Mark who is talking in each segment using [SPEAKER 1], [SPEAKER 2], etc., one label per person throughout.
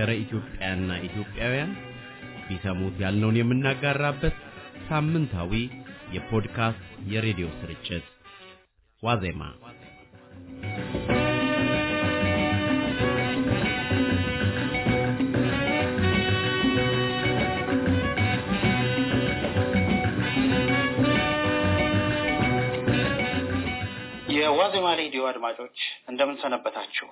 [SPEAKER 1] ሀገረ ኢትዮጵያና ኢትዮጵያውያን ቢሰሙት ያልነውን የምናጋራበት ሳምንታዊ የፖድካስት የሬዲዮ ስርጭት ዋዜማ የዋዜማ ሬዲዮ አድማጮች እንደምን ሰነበታችሁ?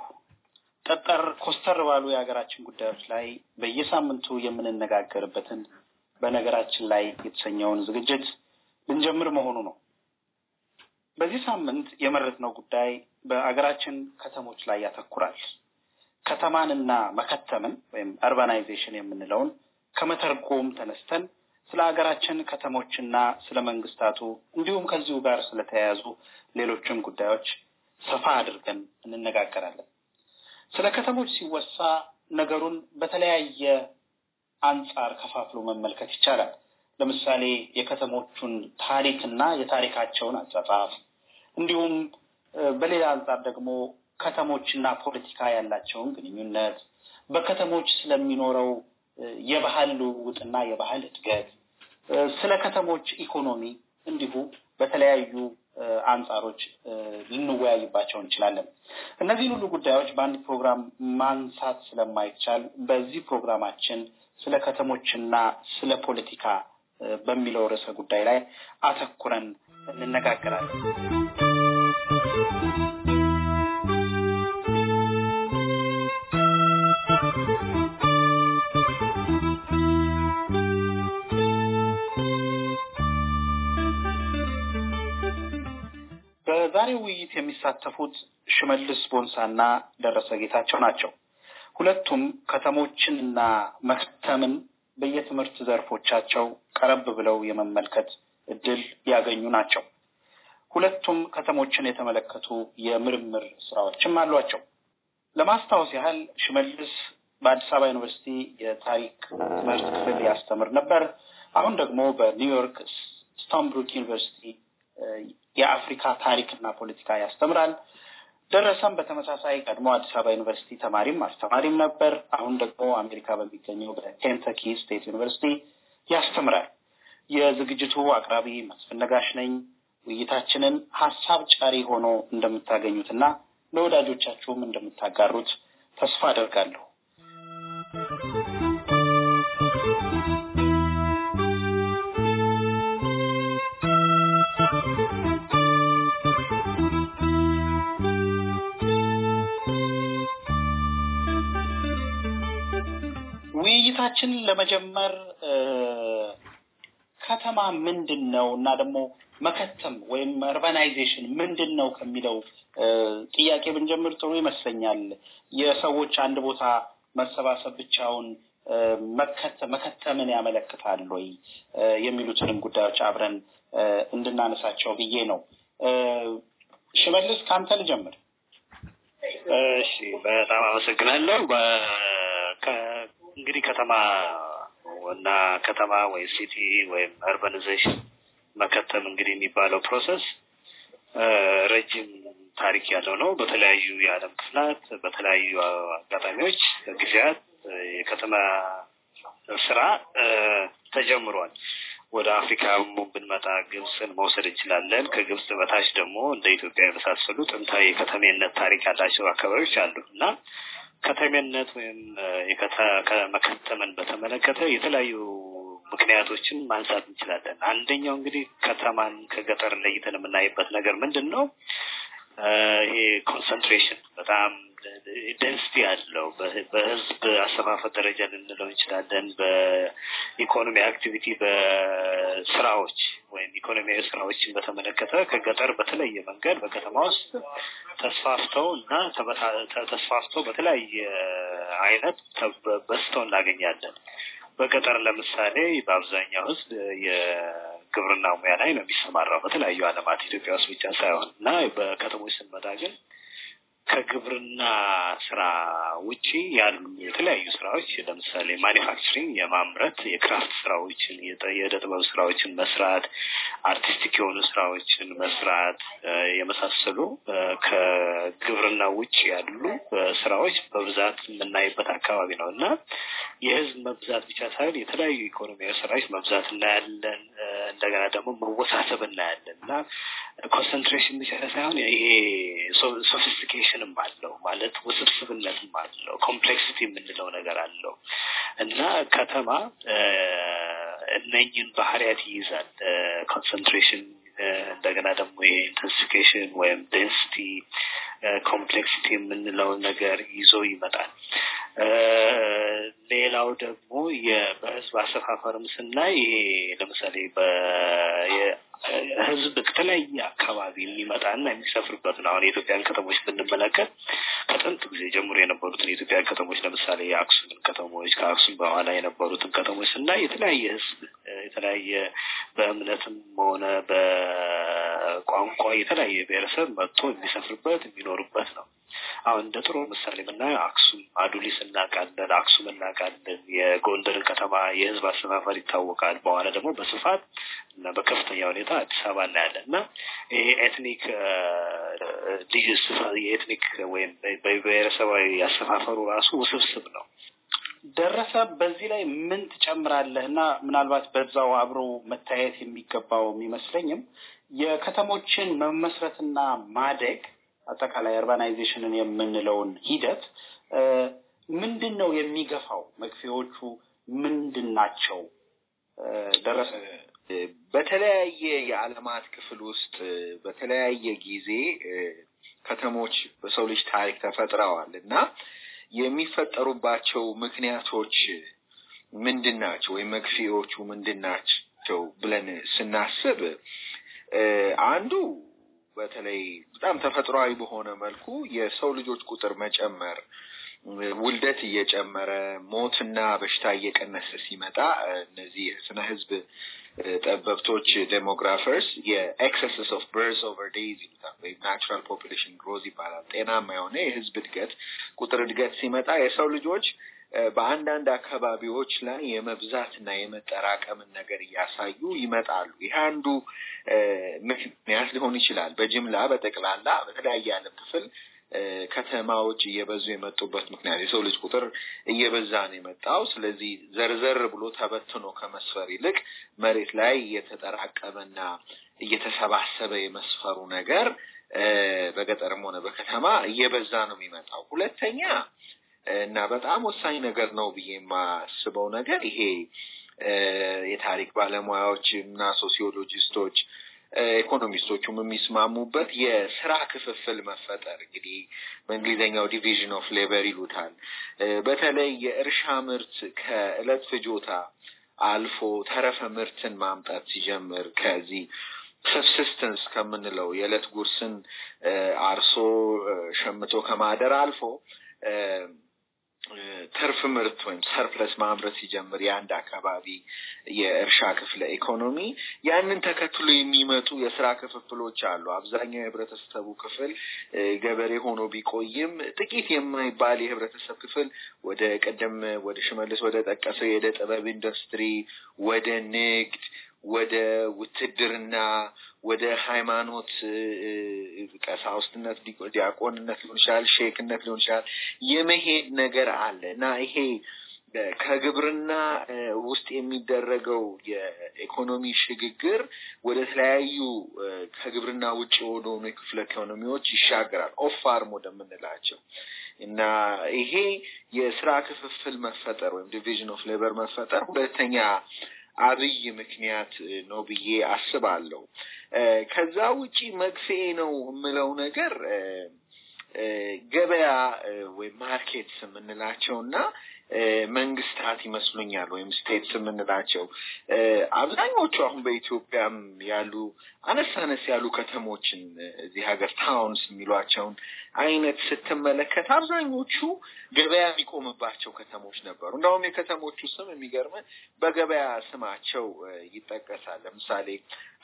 [SPEAKER 1] ጠጠር ኮስተር ባሉ የሀገራችን ጉዳዮች ላይ በየሳምንቱ የምንነጋገርበትን በነገራችን ላይ የተሰኘውን ዝግጅት ልንጀምር መሆኑ ነው። በዚህ ሳምንት የመረጥነው ጉዳይ በአገራችን ከተሞች ላይ ያተኩራል። ከተማንና መከተምን ወይም አርባናይዜሽን የምንለውን ከመተርጎም ተነስተን ስለ ሀገራችን ከተሞችና ስለ መንግስታቱ እንዲሁም ከዚሁ ጋር ስለተያያዙ ሌሎችም ጉዳዮች ሰፋ አድርገን እንነጋገራለን። ስለ ከተሞች ሲወሳ ነገሩን በተለያየ አንጻር ከፋፍሎ መመልከት ይቻላል። ለምሳሌ የከተሞቹን ታሪክና የታሪካቸውን አጻጻፍ እንዲሁም በሌላ አንጻር ደግሞ ከተሞችና ፖለቲካ ያላቸውን ግንኙነት፣ በከተሞች ስለሚኖረው የባህል ልውውጥና የባህል እድገት፣ ስለ ከተሞች ኢኮኖሚ እንዲሁ በተለያዩ አንጻሮች ልንወያይባቸው እንችላለን። እነዚህን ሁሉ ጉዳዮች በአንድ ፕሮግራም ማንሳት ስለማይቻል በዚህ ፕሮግራማችን ስለ ከተሞችና ስለ ፖለቲካ በሚለው ርዕሰ ጉዳይ ላይ አተኩረን እንነጋገራለን። በዛሬው ውይይት የሚሳተፉት ሽመልስ ቦንሳና ደረሰ ጌታቸው ናቸው። ሁለቱም ከተሞችንና መክተምን በየትምህርት ዘርፎቻቸው ቀረብ ብለው የመመልከት እድል ያገኙ ናቸው። ሁለቱም ከተሞችን የተመለከቱ የምርምር ስራዎችም አሏቸው። ለማስታወስ ያህል ሽመልስ በአዲስ አበባ ዩኒቨርሲቲ የታሪክ ትምህርት ክፍል ያስተምር ነበር። አሁን ደግሞ በኒውዮርክ ስታምብሩክ ዩኒቨርሲቲ የአፍሪካ ታሪክና ፖለቲካ ያስተምራል። ደረሰም በተመሳሳይ ቀድሞ አዲስ አበባ ዩኒቨርሲቲ ተማሪም አስተማሪም ነበር። አሁን ደግሞ አሜሪካ በሚገኘው በኬንተኪ ስቴት ዩኒቨርሲቲ ያስተምራል። የዝግጅቱ አቅራቢ መስፍን ነጋሽ ነኝ። ውይይታችንን ሀሳብ ጫሪ ሆኖ እንደምታገኙትና ለወዳጆቻችሁም እንደምታጋሩት ተስፋ አደርጋለሁ። ውይይታችንን ለመጀመር ከተማ ምንድን ነው እና ደግሞ መከተም ወይም ርባናይዜሽን ምንድን ነው ከሚለው ጥያቄ ብንጀምር ጥሩ ይመስለኛል። የሰዎች አንድ ቦታ መሰባሰብ ብቻውን መከተምን ያመለክታል ወይ የሚሉትንም ጉዳዮች አብረን እንድናነሳቸው ብዬ ነው። ሽመልስ ከአንተ ልጀምር።
[SPEAKER 2] እሺ፣ በጣም አመሰግናለሁ። እንግዲህ ከተማ እና ከተማ ወይ ሲቲ ወይም አርባናይዜሽን መከተም እንግዲህ የሚባለው ፕሮሰስ ረጅም ታሪክ ያለው ነው። በተለያዩ የዓለም ክፍላት በተለያዩ አጋጣሚዎች ጊዜያት የከተማ ስራ ተጀምሯል። ወደ አፍሪካ ብንመጣ ግብፅን መውሰድ እንችላለን። ከግብፅ በታች ደግሞ እንደ ኢትዮጵያ የመሳሰሉ ጥንታዊ የከተሜነት ታሪክ ያላቸው አካባቢዎች አሉ እና ከተሜነት ወይም ከመከተመን በተመለከተ የተለያዩ ምክንያቶችን ማንሳት እንችላለን። አንደኛው እንግዲህ ከተማን ከገጠር ለይተን የምናይበት ነገር ምንድን ነው? ኮንሰንትሬሽን በጣም ደንስቲ ያለው በህዝብ አሰፋፈት ደረጃ ልንለው እንችላለን። በኢኮኖሚ አክቲቪቲ በስራዎች ወይም ኢኮኖሚያዊ ስራዎችን በተመለከተ ከገጠር በተለየ መንገድ በከተማ ውስጥ ተስፋፍተው እና ተስፋፍተው በተለያየ አይነት በዝተው እናገኛለን። በገጠር ለምሳሌ በአብዛኛው ህዝብ የግብርና ሙያ ላይ ነው የሚሰማራው በተለያዩ አለማት ኢትዮጵያ ውስጥ ብቻ ሳይሆን እና በከተሞች ስንመጣ ግን ከግብርና ስራ ውጪ ያሉ የተለያዩ ስራዎች ለምሳሌ ማኒፋክቸሪንግ የማምረት የክራፍት ስራዎችን የእደ ጥበብ ስራዎችን መስራት፣ አርቲስቲክ የሆኑ ስራዎችን መስራት የመሳሰሉ ከግብርና ውጭ ያሉ ስራዎች በብዛት የምናይበት አካባቢ ነው እና የህዝብ መብዛት ብቻ ሳይሆን የተለያዩ ኢኮኖሚያዊ ስራዎች መብዛት እናያለን። እንደገና ደግሞ መወሳሰብ እናያለን እና ኮንሰንትሬሽን ብቻ ሳይሆን ይሄ ሶፊስቲኬሽንም አለው ማለት ውስብስብነትም አለው። ኮምፕሌክሲቲ የምንለው ነገር አለው እና ከተማ እነኝን ባህሪያት ይይዛል። ኮንሰንትሬሽን እንደገና ደግሞ የኢንተንሲፊኬሽን ወይም ደንስቲ ኮምፕሌክሲቲ የምንለው ነገር ይዞ ይመጣል። ሌላው ደግሞ በህዝብ አሰፋፈርም ስናይ ይሄ ለምሳሌ ህዝብ ከተለያየ አካባቢ የሚመጣና የሚሰፍርበት ነው። አሁን የኢትዮጵያን ከተሞች ብንመለከት ከጥንት ጊዜ ጀምሮ የነበሩትን የኢትዮጵያን ከተሞች ለምሳሌ የአክሱምን ከተሞች ከአክሱም በኋላ የነበሩትን ከተሞች እና የተለያየ ህዝብ የተለያየ በእምነትም ሆነ በቋንቋ የተለያየ ብሔረሰብ መጥቶ የሚሰፍርበት የሚኖርበት ነው። አሁን እንደ ጥሩ ምሳሌ የምናየው አክሱም አዱሊስ እናውቃለን፣ አክሱም እናውቃለን። የጎንደርን ከተማ የህዝብ አሰፋፈር ይታወቃል። በኋላ ደግሞ በስፋት እና በከፍተኛ ሁኔታ አዲስ አበባ እናያለን እና ይሄ ኤትኒክ የኤትኒክ ወይም በብሔረሰባዊ ያሰፋፈሩ ራሱ ውስብስብ ነው።
[SPEAKER 1] ደረሰ በዚህ ላይ ምን ትጨምራለህ? እና ምናልባት በዛው አብሮ መታየት የሚገባው የሚመስለኝም የከተሞችን መመስረትና ማደግ አጠቃላይ አርባናይዜሽንን የምንለውን ሂደት ምንድን ነው የሚገፋው? መግፊያዎቹ ምንድን
[SPEAKER 3] ናቸው? ደረሰ በተለያየ የዓለማት ክፍል ውስጥ በተለያየ ጊዜ ከተሞች በሰው ልጅ ታሪክ ተፈጥረዋል እና የሚፈጠሩባቸው ምክንያቶች ምንድን ናቸው ወይም መክፊዎቹ ምንድን ናቸው ብለን ስናስብ አንዱ በተለይ በጣም ተፈጥሯዊ በሆነ መልኩ የሰው ልጆች ቁጥር መጨመር ውልደት እየጨመረ ሞትና በሽታ እየቀነሰ ሲመጣ እነዚህ የስነ ህዝብ ጠበብቶች ዴሞግራፈርስ የኤክሰስስ ኦፍ በርስ ኦቨር ዴይዝ ይሉታል ወይም ናቹራል ፖፕሌሽን ግሮዝ ይባላል። ጤናማ የሆነ የህዝብ እድገት ቁጥር እድገት ሲመጣ የሰው ልጆች በአንዳንድ አካባቢዎች ላይ የመብዛትና የመጠራቀምን ነገር እያሳዩ ይመጣሉ። ይህ አንዱ ምክንያት ሊሆን ይችላል። በጅምላ በጠቅላላ በተለያየ ዓለም ክፍል ከተማዎች እየበዙ የመጡበት ምክንያት የሰው ልጅ ቁጥር እየበዛ ነው የመጣው። ስለዚህ ዘርዘር ብሎ ተበትኖ ከመስፈር ይልቅ መሬት ላይ እየተጠራቀመና እየተሰባሰበ የመስፈሩ ነገር በገጠርም ሆነ በከተማ እየበዛ ነው የሚመጣው። ሁለተኛ እና በጣም ወሳኝ ነገር ነው ብዬ የማስበው ነገር ይሄ የታሪክ ባለሙያዎች እና ሶሲዮሎጂስቶች ኢኮኖሚስቶቹም የሚስማሙበት የስራ ክፍፍል መፈጠር እንግዲህ በእንግሊዝኛው ዲቪዥን ኦፍ ሌበር ይሉታል። በተለይ የእርሻ ምርት ከእለት ፍጆታ አልፎ ተረፈ ምርትን ማምጣት ሲጀምር ከዚህ ሰብሲስተንስ ከምንለው የዕለት ጉርስን አርሶ ሸምቶ ከማደር አልፎ ትርፍ ምርት ወይም ሰርፕለስ ማምረት ሲጀምር የአንድ አካባቢ የእርሻ ክፍለ ኢኮኖሚ ያንን ተከትሎ የሚመጡ የስራ ክፍፍሎች አሉ። አብዛኛው የህብረተሰቡ ክፍል ገበሬ ሆኖ ቢቆይም ጥቂት የማይባል የህብረተሰብ ክፍል ወደ ቀደም ወደ ሽመልስ ወደ ጠቀሰው የዕደ ጥበብ ኢንዱስትሪ፣ ወደ ንግድ፣ ወደ ውትድርና ወደ ሃይማኖት ቀሳውስትነት፣ ዲያቆንነት ሊሆን ይችላል፣ ሼክነት ሊሆን ይችላል የመሄድ ነገር አለ እና ይሄ ከግብርና ውስጥ የሚደረገው የኢኮኖሚ ሽግግር ወደ ተለያዩ ከግብርና ውጭ ወደሆኑ የክፍለ ኢኮኖሚዎች ይሻገራል። ኦፍ ፋርም ወደምንላቸው እና ይሄ የስራ ክፍፍል መፈጠር ወይም ዲቪዥን ኦፍ ሌበር መፈጠር ሁለተኛ አብይ ምክንያት ነው ብዬ አስባለሁ። ከዛ ውጪ መቅፌ ነው የምለው ነገር ገበያ ወይም ማርኬትስ የምንላቸው እና መንግስታት ይመስሉኛል ወይም ስቴትስ የምንላቸው አብዛኞቹ አሁን በኢትዮጵያም ያሉ አነስ አነስ ያሉ ከተሞችን እዚህ ሀገር ታውንስ የሚሏቸውን አይነት ስትመለከት አብዛኞቹ ገበያ የሚቆምባቸው ከተሞች ነበሩ። እንደውም የከተሞቹ ስም የሚገርመ በገበያ ስማቸው ይጠቀሳል። ለምሳሌ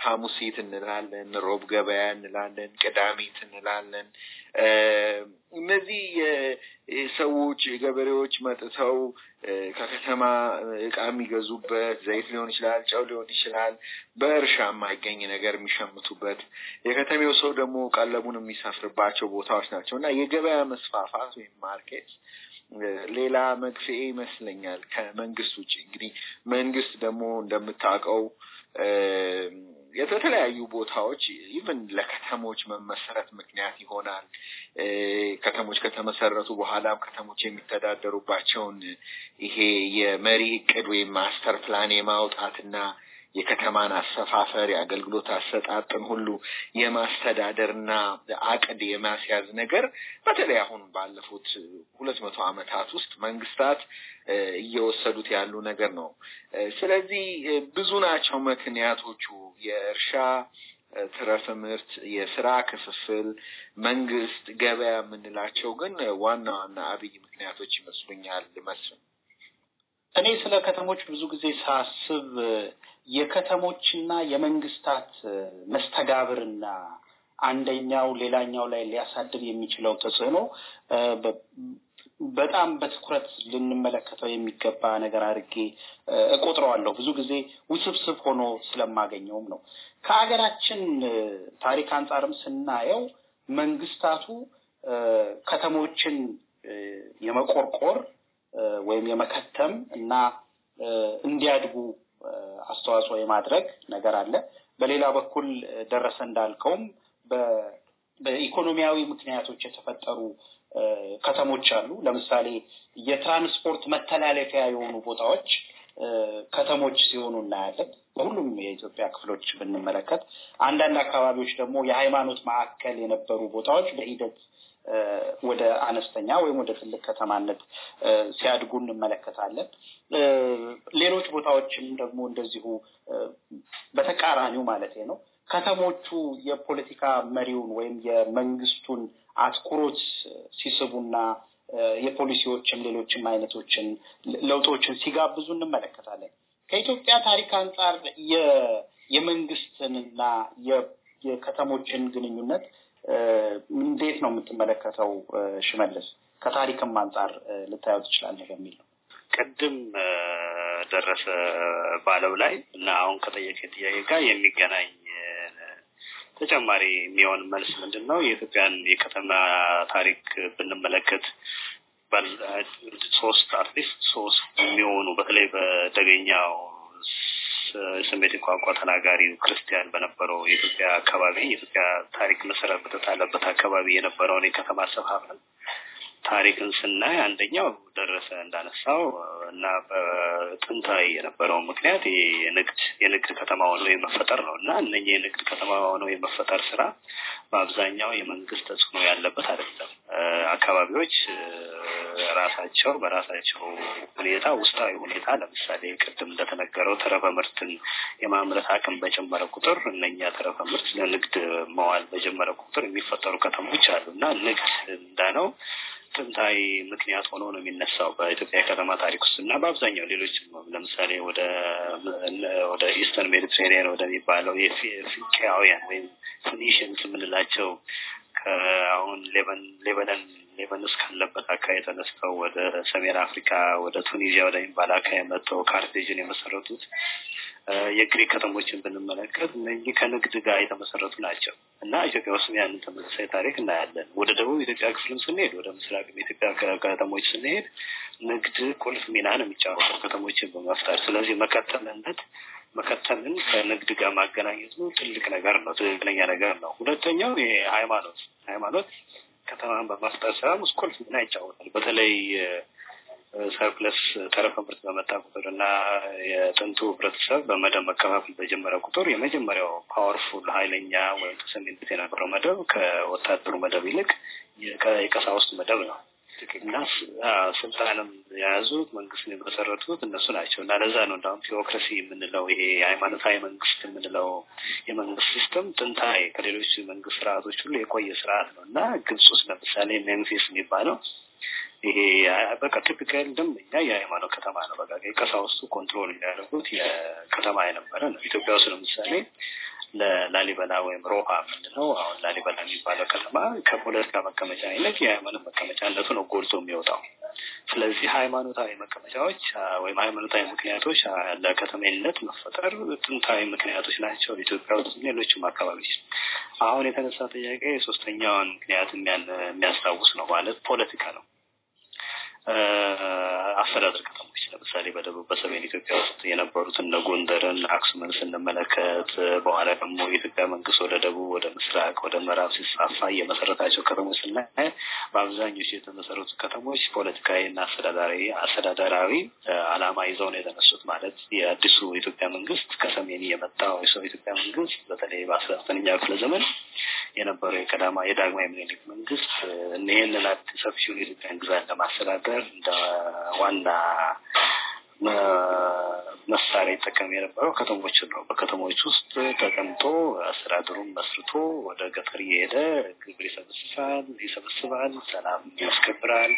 [SPEAKER 3] ሐሙሲት እንላለን፣ ሮብ ገበያ እንላለን፣ ቅዳሜት እንላለን። እነዚህ ሰዎች ገበሬዎች መጥተው ከከተማ እቃ የሚገዙበት ዘይት ሊሆን ይችላል፣ ጨው ሊሆን ይችላል፣ በእርሻ የማይገኝ ነገር የሚሸምቱበት፣ የከተሜው ሰው ደግሞ ቀለቡን የሚሰፍርባቸው ቦታዎች ናቸው እና የገበያ መስፋፋት ወይም ማርኬት ሌላ መግፍኤ ይመስለኛል ከመንግስት ውጭ። እንግዲህ መንግስት ደግሞ እንደምታውቀው የተለያዩ ቦታዎች ኢቨን ለከተሞች መመሰረት ምክንያት ይሆናል። ከተሞች ከተመሰረቱ በኋላም ከተሞች የሚተዳደሩባቸውን ይሄ የመሪ እቅድ ወይም ማስተር ፕላን የማውጣትና የከተማን አሰፋፈር፣ የአገልግሎት አሰጣጥን ሁሉ የማስተዳደርና አቅድ የማስያዝ ነገር በተለይ አሁን ባለፉት ሁለት መቶ ዓመታት ውስጥ መንግስታት እየወሰዱት ያሉ ነገር ነው። ስለዚህ ብዙ ናቸው ምክንያቶቹ የእርሻ ትረፍ ምርት፣ የስራ ክፍፍል፣ መንግስት፣ ገበያ የምንላቸው ግን ዋና ዋና አብይ ምክንያቶች ይመስሉኛል መስፍን። እኔ ስለ ከተሞች ብዙ ጊዜ ሳስብ የከተሞችና
[SPEAKER 1] የመንግስታት መስተጋብርና አንደኛው ሌላኛው ላይ ሊያሳድር የሚችለው ተጽዕኖ በጣም በትኩረት ልንመለከተው የሚገባ ነገር አድርጌ እቆጥረዋለሁ። ብዙ ጊዜ ውስብስብ ሆኖ ስለማገኘውም ነው። ከሀገራችን ታሪክ አንጻርም ስናየው መንግስታቱ ከተሞችን የመቆርቆር ወይም የመከተም እና እንዲያድጉ አስተዋጽኦ የማድረግ ነገር አለ። በሌላ በኩል ደረሰ እንዳልከውም በኢኮኖሚያዊ ምክንያቶች የተፈጠሩ ከተሞች አሉ። ለምሳሌ የትራንስፖርት መተላለፊያ የሆኑ ቦታዎች ከተሞች ሲሆኑ እናያለን። በሁሉም የኢትዮጵያ ክፍሎች ብንመለከት፣ አንዳንድ አካባቢዎች ደግሞ የሃይማኖት ማዕከል የነበሩ ቦታዎች በሂደት ወደ አነስተኛ ወይም ወደ ትልቅ ከተማነት ሲያድጉ እንመለከታለን። ሌሎች ቦታዎችም ደግሞ እንደዚሁ በተቃራኒው ማለት ነው። ከተሞቹ የፖለቲካ መሪውን ወይም የመንግስቱን አትኩሮት ሲስቡና የፖሊሲዎችን ሌሎችም አይነቶችን ለውጦችን ሲጋብዙ እንመለከታለን። ከኢትዮጵያ ታሪክ አንጻር የመንግስትንና የከተሞችን ግንኙነት እንዴት ነው የምትመለከተው ሽመልስ? ከታሪክም አንጻር ልታየው ትችላለህ የሚል ነው።
[SPEAKER 2] ቅድም ደረሰ ባለው ላይ እና አሁን ከጠየቀ ጥያቄ ጋር የሚገናኝ ተጨማሪ የሚሆን መልስ ምንድን ነው? የኢትዮጵያን የከተማ ታሪክ ብንመለከት ሶስት አርቲስት ሶስት የሚሆኑ በተለይ በደገኛው ስሜት ቋንቋ ተናጋሪው ክርስቲያን በነበረው የኢትዮጵያ አካባቢ የኢትዮጵያ ታሪክ መሰረት በተጣለበት አካባቢ የነበረውን የከተማ አሰፋፈር ታሪክን ስናይ አንደኛው ደረሰ እንዳነሳው እና በጥንታዊ የነበረው ምክንያት የንግድ የንግድ ከተማ ሆኖ የመፈጠር ነው እና እነ የንግድ ከተማ ሆኖ የመፈጠር ስራ በአብዛኛው የመንግስት ተጽዕኖ ያለበት አይደለም። አካባቢዎች ራሳቸው በራሳቸው ሁኔታ ውስጣዊ ሁኔታ ለምሳሌ ቅድም እንደተነገረው ተረፈ ምርትን የማምረት አቅም በጀመረ ቁጥር እነኛ ተረፈ ምርት ለንግድ መዋል በጀመረ ቁጥር የሚፈጠሩ ከተሞች አሉ እና ንግድ እንዳነው ጥንታዊ ምክንያት ሆኖ ነው የሚነሳው በኢትዮጵያ ከተማ ታሪክ ውስጥ እና በአብዛኛው ሌሎች ለምሳሌ ወደ ወደ ኢስተርን ሜዲትሬኒያን ወደሚባለው የፊንቄያውያን ወይም ፊኒሽንስ የምንላቸው ከአሁን ሌበነን ሌበንስ ካለበት አካባቢ ተነስተው ወደ ሰሜን አፍሪካ ወደ ቱኒዚያ ወደሚባል አካባቢ መጥተው ካርቴጅን የመሰረቱት የግሪክ ከተሞችን ብንመለከት እነዚህ ከንግድ ጋር የተመሰረቱ ናቸው እና ኢትዮጵያ ውስጥ ያንን ተመሳሳይ ታሪክ እናያለን። ወደ ደቡብ ኢትዮጵያ ክፍልም ስንሄድ፣ ወደ ምስራቅ ኢትዮጵያ ከተሞች ስንሄድ ንግድ ቁልፍ ሚና ነው የሚጫወተው ከተሞችን በመፍጠር ስለዚህ መቀጠልነት መከተልን ከንግድ ጋር ማገናኘቱ ትልቅ ነገር ነው፣ ትክክለኛ ነገር ነው። ሁለተኛው ሃይማኖት ሃይማኖት ከተማን በመፍጠር ስራ ውስጥ ቁልፍ ሚና ይጫወታል። በተለይ ሰርፕለስ ተረፈ ምርት በመጣ ቁጥር እና የጥንቱ ህብረተሰብ በመደብ መከፋፈል በጀመረ ቁጥር የመጀመሪያው ፓወርፉል ኃይለኛ ወይም ተሰሚነት የነበረው መደብ ከወታደሩ መደብ ይልቅ የቀሳውስት መደብ ነው እና ስልጣንም የያዙት መንግስት የመሰረቱት እነሱ ናቸው እና ለዛ ነው እንዳሁም ቴዎክራሲ የምንለው ይሄ የሃይማኖታዊ መንግስት የምንለው የመንግስት ሲስተም ጥንታዊ ከሌሎች መንግስት ስርዓቶች ሁሉ የቆየ ስርዓት ነው እና ግብጽ ውስጥ ለምሳሌ ሜምፊስ የሚባለው ይሄ በቃ ቲፒካል ደንበኛ የሃይማኖት ከተማ ነው። በቃ ቀሳውስቱ ኮንትሮል የሚያደርጉት የከተማ የነበረ ነው። ኢትዮጵያ ውስጥ ለምሳሌ ለላሊበላ ወይም ሮሃ ምንድነው አሁን ላሊበላ የሚባለው ከተማ ከፖለቲካ መቀመጫ አይነት የሃይማኖት መቀመጫነቱ ነው ጎልቶ የሚወጣው። ስለዚህ ሃይማኖታዊ መቀመጫዎች ወይም ሃይማኖታዊ ምክንያቶች ለከተሜነት መፈጠር ጥንታዊ ምክንያቶች ናቸው ኢትዮጵያ ውስጥ ሌሎችም አካባቢዎች። አሁን የተነሳ ጥያቄ ሶስተኛውን ምክንያት የሚያስታውስ ነው ማለት ፖለቲካ ነው። አስተዳደር ለምሳሌ በደቡብ በሰሜን ኢትዮጵያ ውስጥ የነበሩት እነ ጎንደርን፣ አክሱምን ስንመለከት በኋላ ደግሞ የኢትዮጵያ መንግስት ወደ ደቡብ፣ ወደ ምስራቅ፣ ወደ ምዕራብ ሲስፋፋ የመሰረታቸው ከተሞች ስናይ በአብዛኞቹ የተመሰረቱ ከተሞች ፖለቲካዊና አስተዳዳሪ አስተዳደራዊ አላማ ይዘው ነው የተነሱት። ማለት የአዲሱ ኢትዮጵያ መንግስት ከሰሜን የመጣው የሰው ኢትዮጵያ መንግስት በተለይ በአስራ ዘጠነኛ ክፍለ ዘመን የነበረው የቀዳማ የዳግማዊ ምኒልክ መንግስት ይህንን ሰፊውን የኢትዮጵያን ግዛት ለማስተዳደር እንደ ዋና መሳሪያ ይጠቀም የነበረው ከተሞችን ነው። በከተሞች ውስጥ ተቀምጦ አስተዳደሩን መስርቶ ወደ ገጠር እየሄደ ግብር ይሰበስባል ይሰበስባል፣ ሰላም ያስከብራል።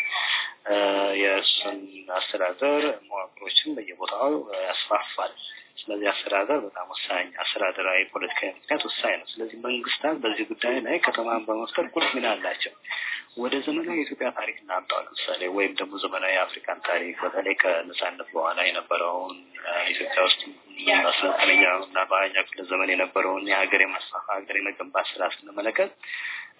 [SPEAKER 2] የእሱን አስተዳደር መዋቅሮችን በየቦታው ያስፋፋል። ስለዚህ አስተዳደር በጣም ወሳኝ አስተዳደራዊ ፖለቲካዊ ምክንያት ወሳኝ ነው። ስለዚህ መንግስታት በዚህ ጉዳይ ላይ ከተማን በመፍጠር ቁልፍ ሚና አላቸው። ወደ ዘመናዊ የኢትዮጵያ ታሪክ እናምጣው ለምሳሌ ወይም ደግሞ ዘመናዊ የአፍሪካን ታሪክ በተለይ ከነጻነት በኋላ የነበረውን ኢትዮጵያ ውስጥ
[SPEAKER 4] በአስራዘጠነኛው
[SPEAKER 2] እና በሃያኛው ክፍለ ዘመን የነበረውን የሀገር የማስፋፋት ሀገር የመገንባት ስራ ስንመለከት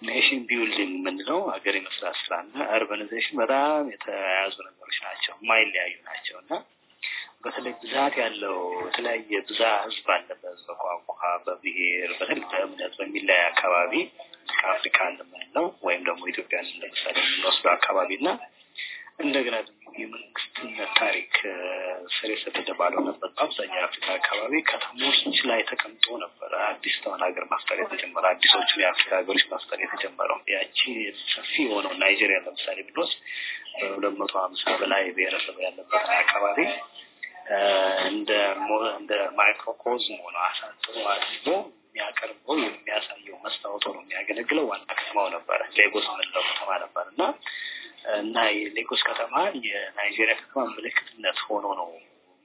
[SPEAKER 2] ኔሽን ቢውልዲንግ የምንለው ሀገር የመስራት ስራ እና አርባናይዜሽን በጣም የተያያዙ ነገሮች ናቸው፣ ማይለያዩ ናቸው እና በተለይ ብዛት ያለው የተለያየ ብዛ ህዝብ አለበት በቋንቋ በብሄር በተለይ በእምነት በሚለያይ አካባቢ ከአፍሪካ እንደምንለው ወይም ደግሞ ኢትዮጵያ ለምሳሌ የምንወስደው አካባቢ እና እንደገና የመንግስትነት ታሪክ ስር የሰደደ ባልሆነበት በአብዛኛው የአፍሪካ አካባቢ ከተሞች ላይ ተቀምጦ ነበረ አዲስ ተሆን ሀገር መፍጠር የተጀመረ አዲሶቹን የአፍሪካ ሀገሮች መፍጠር የተጀመረው ያቺ ሰፊ የሆነው ናይጄሪያ ለምሳሌ ብንወስድ በሁለት መቶ ሀምሳ በላይ ብሔረሰብ ያለበት አካባቢ እንደ እንደ ማይክሮኮዝሞ ነው አሳጥሮ አድርጎ የሚያቀርበው የሚያሳየው መስታወት ነው የሚያገለግለው። ዋና ከተማው ነበረ ሌጎስ ምንለው ከተማ ነበር እና እና የሌጎስ ከተማ የናይጄሪያ ከተማ ምልክትነት ሆኖ ነው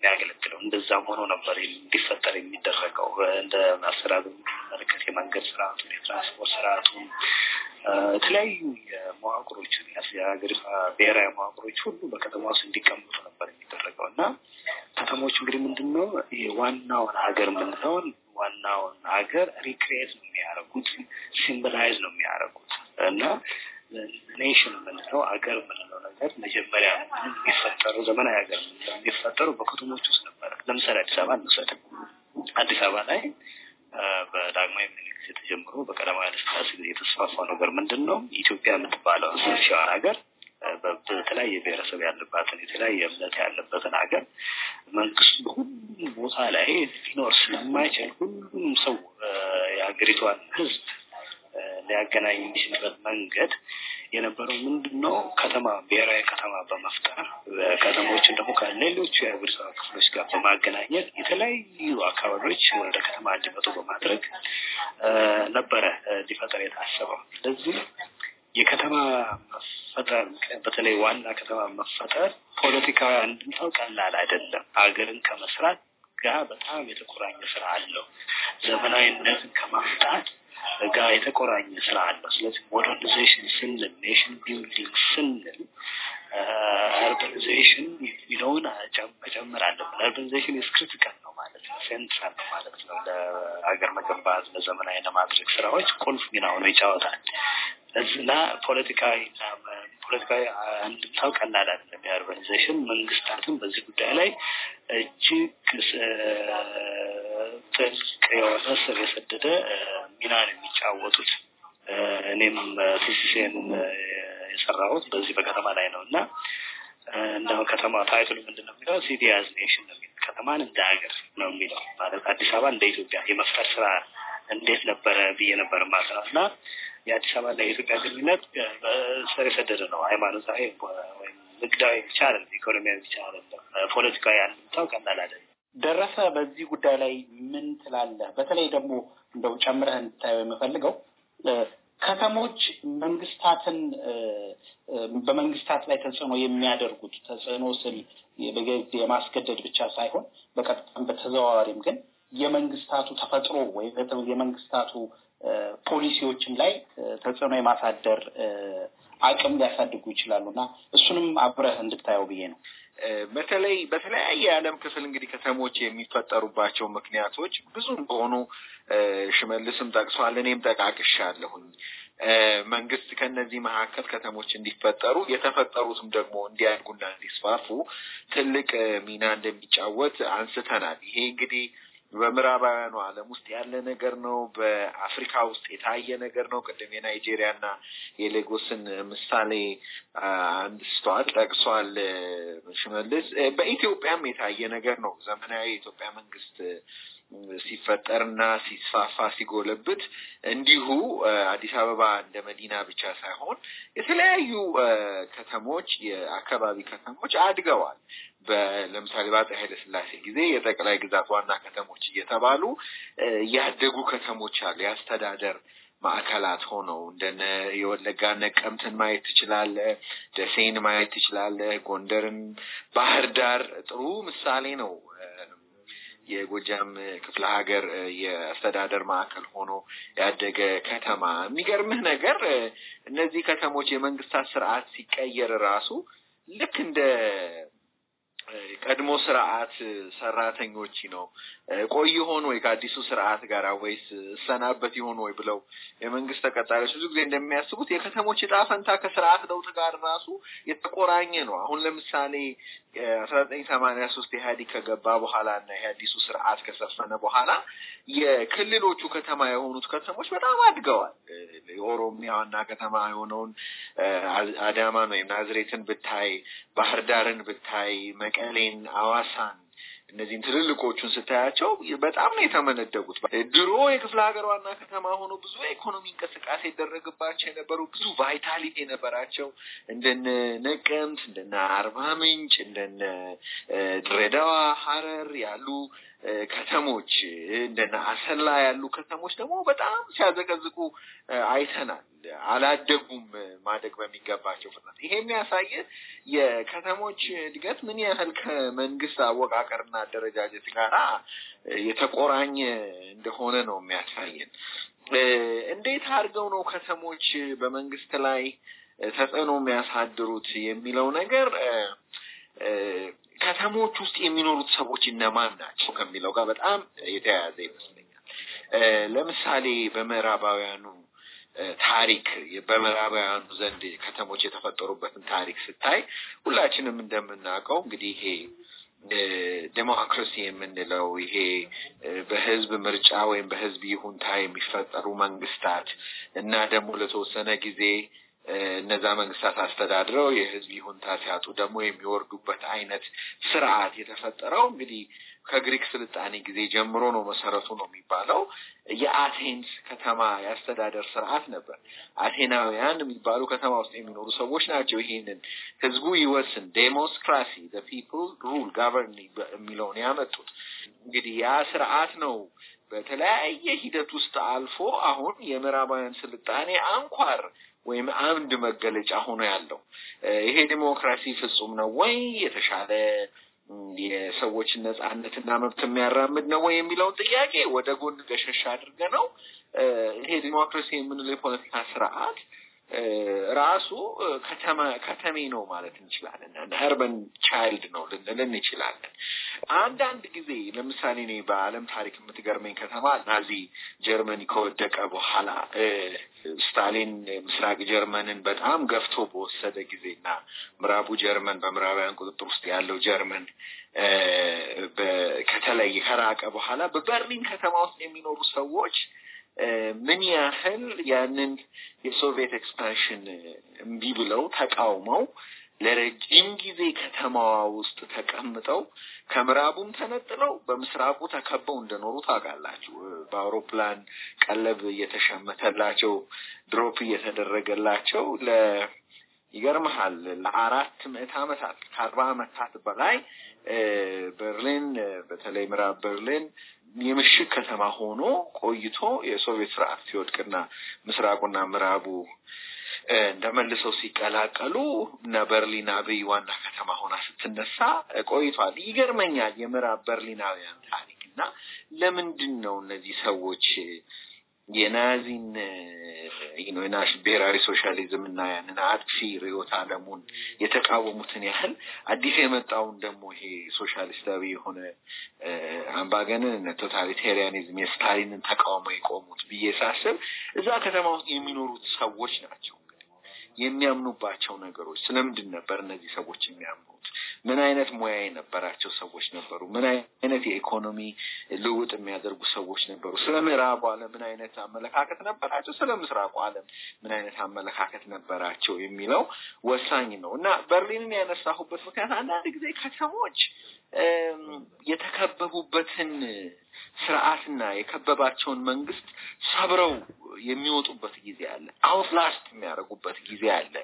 [SPEAKER 2] የሚያገለግለው። እንደዛም ሆኖ ነበር እንዲፈጠር የሚደረገው እንደ አስተዳደሩ መለከት የመንገድ ስርዓቱን፣ የትራንስፖርት ስርዓቱን፣ የተለያዩ የመዋቅሮችን የሀገር ብሔራዊ መዋቅሮች ሁሉ በከተማ ውስጥ እንዲቀመጡ ነበር የሚደረገው እና ከተሞች እንግዲህ ምንድን ነው ዋናውን ሀገር የምንለውን ዋናውን ሀገር ሪክሬት ነው የሚያደርጉት ሲምብላይዝ ነው የሚያደርጉት እና ኔሽን የምንለው አገር የምንለው ነገር መጀመሪያ የሚፈጠሩ ዘመናዊ ሀገር የሚፈጠሩ በከተሞች ውስጥ ነበረ። ለምሳሌ አዲስ አበባ እንውሰድ። አዲስ አበባ ላይ በዳግማዊ ምኒልክ ተጀምሮ በቀዳማዊ ኃይለ ሥላሴ ጊዜ የተስፋፋው ነገር ምንድን ነው? ኢትዮጵያ የምትባለው ሰፊዋን ሀገር በተለያየ ብሔረሰብ ያለባትን የተለያየ እምነት ያለበትን ሀገር መንግስቱ በሁሉም ቦታ ላይ ሊኖር ስለማይችል ሁሉም ሰው የሀገሪቷን ህዝብ ሊያገናኝ የሚችልበት መንገድ የነበረው ምንድን ነው? ከተማ ብሔራዊ ከተማ በመፍጠር ከተሞችን ደግሞ ከሌሎቹ የህብረተሰብ ክፍሎች ጋር በማገናኘት የተለያዩ አካባቢዎች ወደ ከተማ እንዲመጡ በማድረግ ነበረ ሊፈጠር የታሰበው። ስለዚህ የከተማ መፈጠር በተለይ ዋና ከተማ መፈጠር ፖለቲካዊ አንድምታው ቀላል አይደለም። አገርን ከመስራት ጋር በጣም የተቆራኘ ስራ አለው። ዘመናዊነትን ከማምጣት ጋር የተቆራኘ ስራ አለው። ስለዚህ ሞደርኒዜሽን ስንል ኔሽን ቢልዲንግ ስንል አርባናይዜሽን የሚለውን መጨመር አለብን። አርባናይዜሽን ኢዝ ክሪቲካል ነው ማለት ነው፣ ሴንትራል ነው ማለት ነው። ለሀገር መገንባት ለዘመናዊ ለማድረግ ስራዎች ቁልፍ ሚና ሆኖ ይጫወታል እና ፖለቲካዊ ፖለቲካዊ አንድምታው ቀላል አይደለም። የአርባኒዜሽን መንግስታትም በዚህ ጉዳይ ላይ እጅግ ጥልቅ የሆነ ስር የሰደደ ሚና ነው የሚጫወቱት። እኔም ቲሲሴን የሰራሁት በዚህ በከተማ ላይ ነው እና እንደ ከተማ ታይትሉ ምንድን ነው የሚለው ሲቲ አዝ ኔሽን ነው የሚለው ከተማን እንደ ሀገር ነው የሚለው ማለት አዲስ አበባ እንደ ኢትዮጵያ የመፍጠር ስራ እንዴት ነበረ ብዬ ነበር ማለት ነው እና የአዲስ አበባና የኢትዮጵያ ግንኙነት ስር የሰደደ ነው። ሃይማኖታዊ ወይም ንግዳዊ ብቻ አይደለም፣ ኢኮኖሚያዊ ብቻ አይደለም። ፖለቲካዊ አንድምታው ቀላል አይደለም። ደረሰ፣ በዚህ ጉዳይ ላይ ምን ትላለህ? በተለይ ደግሞ
[SPEAKER 1] እንደው ጨምረህ እንድታየው የምፈልገው ከተሞች መንግስታትን በመንግስታት ላይ ተጽዕኖ የሚያደርጉት ተጽዕኖ ስል በገዝ የማስገደድ ብቻ ሳይሆን በቀጥታም በተዘዋዋሪም ግን የመንግስታቱ ተፈጥሮ ወይም የመንግስታቱ ፖሊሲዎችም ላይ ተጽዕኖ የማሳደር
[SPEAKER 3] አቅም ሊያሳድጉ ይችላሉ እና እሱንም አብረህ እንድታየው ብዬ ነው። በተለይ በተለያየ የዓለም ክፍል እንግዲህ ከተሞች የሚፈጠሩባቸው ምክንያቶች ብዙ እንደሆኑ ሽመልስም ጠቅሷል፣ እኔም ጠቃቅሻለሁኝ። መንግስት ከነዚህ መካከል ከተሞች እንዲፈጠሩ የተፈጠሩትም ደግሞ እንዲያድጉና እንዲስፋፉ ትልቅ ሚና እንደሚጫወት አንስተናል። ይሄ እንግዲህ በምዕራባውያኑ ዓለም ውስጥ ያለ ነገር ነው። በአፍሪካ ውስጥ የታየ ነገር ነው። ቅድም የናይጄሪያና የሌጎስን ምሳሌ አንድ ስተዋል ጠቅሷል ሽመልስ። በኢትዮጵያም የታየ ነገር ነው። ዘመናዊ የኢትዮጵያ መንግስት ሲፈጠርና ሲስፋፋ ሲጎለብት እንዲሁ አዲስ አበባ እንደ መዲና ብቻ ሳይሆን የተለያዩ ከተሞች የአካባቢ ከተሞች አድገዋል። ለምሳሌ በአፄ ኃይለ ስላሴ ጊዜ የጠቅላይ ግዛት ዋና ከተሞች እየተባሉ ያደጉ ከተሞች አሉ። የአስተዳደር ማዕከላት ሆነው እንደነ የወለጋ ነቀምትን ማየት ትችላለህ፣ ደሴን ማየት ትችላለህ፣ ጎንደርን፣ ባህር ዳር ጥሩ ምሳሌ ነው። የጎጃም ክፍለ ሀገር የአስተዳደር ማዕከል ሆኖ ያደገ ከተማ። የሚገርምህ ነገር እነዚህ ከተሞች የመንግስታት ስርዓት ሲቀየር ራሱ ልክ እንደ ቀድሞ ስርዓት ሰራተኞች ነው ቆይ ይሆን ወይ ከአዲሱ ስርዓት ጋር ወይስ እሰናበት ይሆን ወይ ብለው የመንግስት ተቀጣሪዎች ብዙ ጊዜ እንደሚያስቡት የከተሞች እጣ ፈንታ ከስርዓት ለውጥ ጋር ራሱ የተቆራኘ ነው። አሁን ለምሳሌ አስራ ዘጠኝ ሰማንያ ሶስት ኢህአዲግ ከገባ በኋላ እና የአዲሱ ስርዓት ከሰፈነ በኋላ የክልሎቹ ከተማ የሆኑት ከተሞች በጣም አድገዋል። የኦሮሚያ ዋና ከተማ የሆነውን አዳማን ወይም ናዝሬትን ብታይ፣ ባህር ዳርን ብታይ፣ መቀሌን፣ አዋሳን እነዚህን ትልልቆቹን ስታያቸው በጣም ነው የተመነደጉት። ድሮ የክፍለ ሀገር ዋና ከተማ ሆኖ ብዙ የኢኮኖሚ እንቅስቃሴ ይደረግባቸው የነበሩ ብዙ ቫይታሊቲ የነበራቸው እንደነ ነቀምት፣ እንደነ አርባ ምንጭ፣ እንደነ ድሬዳዋ፣ ሀረር ያሉ ከተሞች እንደነ አሰላ ያሉ ከተሞች ደግሞ በጣም ሲያዘቀዝቁ አይተናል።
[SPEAKER 4] አላደጉም
[SPEAKER 3] ማደግ በሚገባቸው ፍጥነት። ይሄ የሚያሳየ የከተሞች እድገት ምን ያህል ከመንግስት አወቃቀርና አደረጃጀት ጋር የተቆራኘ እንደሆነ ነው የሚያሳየን። እንዴት አድርገው ነው ከተሞች በመንግስት ላይ ተጽዕኖ የሚያሳድሩት የሚለው ነገር ከተሞች ውስጥ የሚኖሩት ሰዎች እነማን ናቸው ከሚለው ጋር በጣም የተያያዘ ይመስለኛል። ለምሳሌ በምዕራባውያኑ ታሪክ በምዕራባውያኑ ዘንድ ከተሞች የተፈጠሩበትን ታሪክ ስታይ ሁላችንም እንደምናውቀው እንግዲህ ይሄ ዴሞክራሲ የምንለው ይሄ በህዝብ ምርጫ ወይም በህዝብ ይሁንታ የሚፈጠሩ መንግስታት እና ደግሞ ለተወሰነ ጊዜ እነዛ መንግስታት አስተዳድረው የህዝብ ይሁንታ ሲያጡ ደግሞ የሚወርዱበት አይነት ስርዓት የተፈጠረው እንግዲህ ከግሪክ ስልጣኔ ጊዜ ጀምሮ ነው መሰረቱ ነው የሚባለው። የአቴንስ ከተማ የአስተዳደር ስርዓት ነበር። አቴናውያን የሚባሉ ከተማ ውስጥ የሚኖሩ ሰዎች ናቸው። ይሄንን ህዝቡ ይወስን ዴሞስክራሲ ፒፕል ሩል ጋቨርን የሚለውን ያመጡት እንግዲህ ያ ስርዓት ነው በተለያየ ሂደት ውስጥ አልፎ አሁን የምዕራባውያን ስልጣኔ አንኳር ወይም አንድ መገለጫ ሆኖ ያለው ይሄ ዲሞክራሲ ፍጹም ነው ወይ የተሻለ የሰዎችን ነጻነትና መብት የሚያራምድ ነው ወይ የሚለውን ጥያቄ ወደ ጎን ገሸሽ አድርገ ነው ይሄ ዲሞክራሲ የምንለው የፖለቲካ ስርዓት ራሱ ከተሜ ነው ማለት እንችላለን። አርበን ቻይልድ ነው ልንልን እንችላለን። አንዳንድ ጊዜ ለምሳሌ እኔ በዓለም ታሪክ የምትገርመኝ ከተማ ናዚ ጀርመኒ ከወደቀ በኋላ ስታሊን ምስራቅ ጀርመንን በጣም ገፍቶ በወሰደ እና ምዕራቡ ጀርመን በምዕራባውያን ቁጥጥር ውስጥ ያለው ጀርመን ከተለየ ከራቀ በኋላ በበርሊን ከተማ ውስጥ የሚኖሩ ሰዎች ምን ያህል ያንን የሶቪየት ኤክስፓንሽን እምቢ ብለው ተቃውመው ለረጅም ጊዜ ከተማዋ ውስጥ ተቀምጠው ከምዕራቡም ተነጥለው በምስራቁ ተከበው እንደኖሩ ታውቃላችሁ። በአውሮፕላን ቀለብ እየተሸመተላቸው ድሮፕ እየተደረገላቸው ለ ይገርመሃል ለአራት ምዕት ዓመታት ከአርባ ዓመታት በላይ በርሊን በተለይ ምዕራብ በርሊን የምሽግ ከተማ ሆኖ ቆይቶ የሶቪየት ስርዓት ሲወድቅና ምስራቁና ምዕራቡ እንደመልሰው ሲቀላቀሉ እና በርሊን አብይ ዋና ከተማ ሆና ስትነሳ ቆይቷል። ይገርመኛል የምዕራብ በርሊናውያን ታሪክ እና ለምንድን ነው እነዚህ ሰዎች የናዚን የናሽ ብሔራዊ ሶሻሊዝም እና ያንን አጥፊ ርዕዮተ ዓለሙን የተቃወሙትን ያህል አዲስ የመጣውን ደግሞ ይሄ ሶሻሊስታዊ የሆነ አምባገንን ቶታሊቴሪያኒዝም የስታሊንን ተቃውሞ የቆሙት ብዬ ሳስብ እዛ ከተማ ውስጥ የሚኖሩት ሰዎች ናቸው። የሚያምኑባቸው ነገሮች ስለምንድን ነበር እነዚህ ሰዎች የሚያምኑት? ምን አይነት ሙያ የነበራቸው ሰዎች ነበሩ? ምን አይነት የኢኮኖሚ ልውጥ የሚያደርጉ ሰዎች ነበሩ? ስለ ምዕራቡ ዓለም ምን አይነት አመለካከት ነበራቸው? ስለ ምስራቁ ዓለም ምን አይነት አመለካከት ነበራቸው የሚለው
[SPEAKER 4] ወሳኝ ነው እና
[SPEAKER 3] በርሊንን ያነሳሁበት ምክንያት አንዳንድ ጊዜ ከተሞች የተከበቡበትን ስርዓትና የከበባቸውን መንግስት ሰብረው የሚወጡበት ጊዜ አለ። አውትላስት የሚያደርጉበት ጊዜ አለ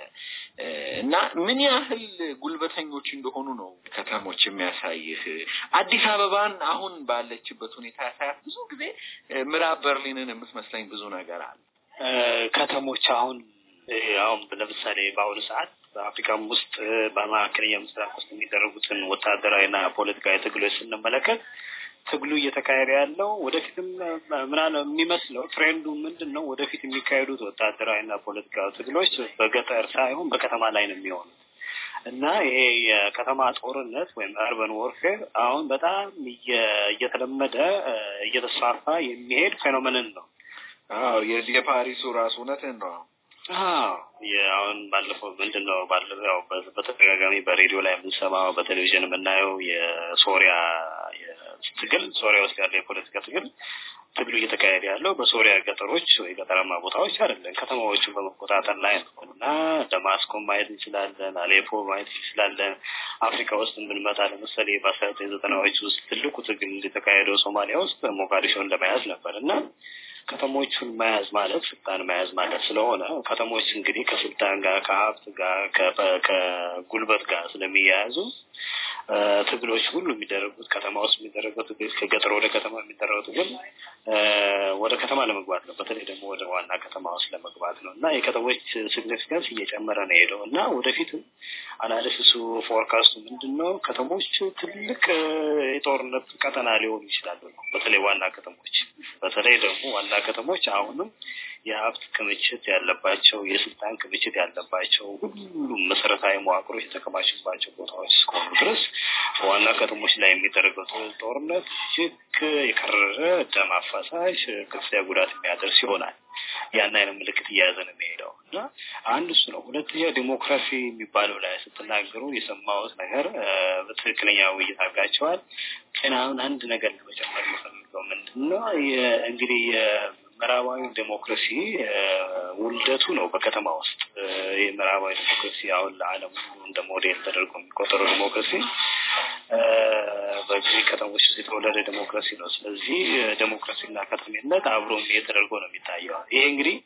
[SPEAKER 3] እና ምን ያህል ጉልበተኞች እንደሆኑ ነው ከተሞች የሚያሳይህ። አዲስ አበባን አሁን ባለችበት ሁኔታ ያሳያት። ብዙ ጊዜ ምዕራብ በርሊንን የምትመስለኝ ብዙ ነገር አለ።
[SPEAKER 2] ከተሞች አሁን አሁን ለምሳሌ በአሁኑ ሰዓት በአፍሪካም ውስጥ በመካከለኛ ምስራቅ ውስጥ የሚደረጉትን ወታደራዊና ፖለቲካዊ ትግሎች ስንመለከት ትግሉ እየተካሄደ ያለው ወደፊትም ምናምን የሚመስለው ትሬንዱ ምንድን ነው? ወደፊት የሚካሄዱት ወታደራዊ እና ፖለቲካዊ ትግሎች በገጠር ሳይሆን በከተማ ላይ ነው የሚሆኑት እና ይሄ የከተማ ጦርነት ወይም አርበን ወርፌር አሁን በጣም እየተለመደ እየተስፋፋ የሚሄድ ፌኖመንን ነው። አዎ የፓሪሱ ራሱ እውነትን ነው። አሁን ባለፈው ምንድን ነው ባለፈው በተደጋጋሚ በሬዲዮ ላይ የምንሰማው በቴሌቪዥን የምናየው የሶሪያ ትግል ሶሪያ ውስጥ ያለው የፖለቲካ ትግል ትግሉ እየተካሄደ ያለው በሶሪያ ገጠሮች ወይ ገጠራማ ቦታዎች አይደለም፣ ከተማዎቹን በመቆጣጠር ላይ ነው እና ደማስኮ ማየት እንችላለን፣ አሌፖ ማየት እንችላለን። አፍሪካ ውስጥ እንድንመጣ ለምሳሌ በአስራ ዘጠኝ ዘጠናዎች ውስጥ ትልቁ ትግል እንደተካሄደው ሶማሊያ ውስጥ ሞቃዲሾን ለመያዝ ነበር እና ከተሞቹን መያዝ ማለት ስልጣን መያዝ ማለት ስለሆነ ከተሞች እንግዲህ ከስልጣን ጋር ከሀብት ጋር ከጉልበት ጋር ስለሚያያዙ ትግሎች ሁሉ የሚደረጉት ከተማ ውስጥ የሚደረጉት ከገጠር ወደ ከተማ የሚደረጉት ግን ወደ ከተማ ለመግባት ነው። በተለይ ደግሞ ወደ ዋና ከተማ ውስጥ ለመግባት ነው እና የከተሞች ሲግኒፊካንስ እየጨመረ ነው የሄደው እና ወደፊትም አናሊሲሱ ፎርካስቱ ምንድን ነው? ከተሞች ትልቅ የጦርነት ቀጠና ሊሆኑ ይችላሉ ነው። በተለይ ዋና ከተሞች በተለይ ደግሞ ዋና ከተሞች አሁንም የሀብት ክምችት ያለባቸው፣ የስልጣን ክምችት ያለባቸው ሁሉም መሰረታዊ መዋቅሮች የተከማችባቸው ቦታዎች እስከሆኑ ድረስ በዋና ከተሞች ላይ የሚደረገው ጦርነት እጅግ የከረረ ደም አፋሳሽ ከፍተኛ ጉዳት የሚያደርስ ይሆናል። ያን አይነት ምልክት እያያዘ ነው የሚሄደው እና አንድ እሱ ነው። ሁለተኛ ዲሞክራሲ የሚባለው ላይ ስትናገሩ የሰማሁት ነገር በትክክለኛ ውይይት አድርጋቸዋል። ግን አሁን አንድ ነገር ለመጨመር የምፈልገው ምንድን ነው እንግዲህ ምዕራባዊ ዴሞክራሲ ውልደቱ ነው በከተማ ውስጥ። የምዕራባዊ ዴሞክራሲ አሁን ለዓለም ሁሉ እንደ ሞዴል ተደርጎ የሚቆጠረው ዴሞክራሲ በዚህ ከተሞች ውስጥ የተወለደ ዴሞክራሲ ነው። ስለዚህ ዴሞክራሲና ከተሜነት አብሮ የሚሄድ ተደርጎ ነው የሚታየው። ይሄ እንግዲህ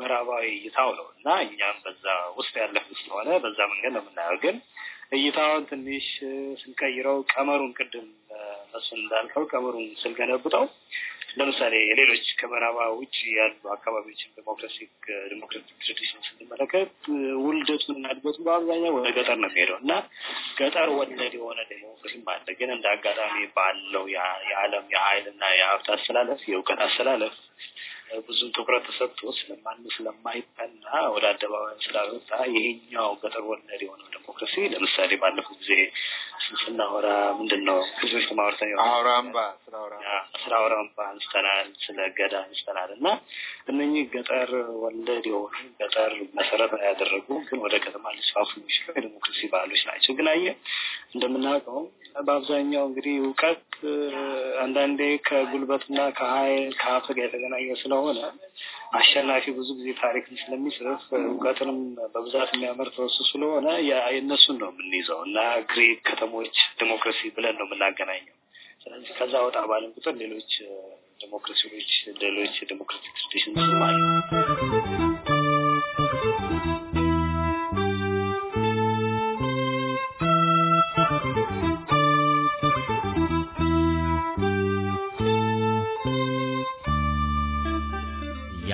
[SPEAKER 2] ምዕራባዊ እይታው ነው እና እኛም በዛ ውስጥ ያለፍን ስለሆነ በዛ መንገድ ነው የምናየው። ግን እይታውን ትንሽ ስንቀይረው ቀመሩን ቅድም መስፍን እንዳልከው ቀመሩን ስንገነብጠው ለምሳሌ ሌሎች ከምዕራባ ውጭ ያሉ አካባቢዎችን ዴሞክራሲክ ዲሞክራቲክ ትራዲሽን ስንመለከት እና እድገቱ በአብዛኛው ወደ ገጠር ነው የሚሄደው እና ገጠር ወለድ የሆነ ዴሞክራሲም አለ። ግን እንደ አጋጣሚ ባለው የዓለም የሀይልና የሀብት አስተላለፍ የእውቀት አስተላለፍ ብዙ ትኩረት ተሰጥቶ ስለማን ስለማይጠና ወደ አደባባይ ስላልወጣ ይሄኛው ገጠር ወለድ የሆነው ዲሞክራሲ ለምሳሌ ባለፈው ጊዜ ስናወራ ምንድን ነው ህዝቦች ከማወርተኛ ስለ አውራምባ አንስተናል፣ ስለ ገዳ አንስተናል እና እነኚህ ገጠር ወለድ የሆኑ ገጠር መሰረት ያደረጉ ግን ወደ ከተማ ሊስፋፉ የሚችሉ የዲሞክራሲ ባህሎች ናቸው። ግን አየህ እንደምናውቀው በአብዛኛው እንግዲህ እውቀት አንዳንዴ ከጉልበትና ከሀይል ከሀብት ጋር የተገናኘ ስለ ከሆነ አሸናፊ ብዙ ጊዜ ታሪክን ስለሚጽፍ እውቀትንም በብዛት የሚያመርተው እሱ ስለሆነ የእነሱን ነው የምንይዘው እና ግሪክ ከተሞች ዲሞክራሲ ብለን ነው የምናገናኘው። ስለዚህ ከዛ ወጣ ባልን ቁጥር ሌሎች ዲሞክራሲዎች፣ ሌሎች ዲሞክራቲክ
[SPEAKER 4] ትራዲሽን ስማል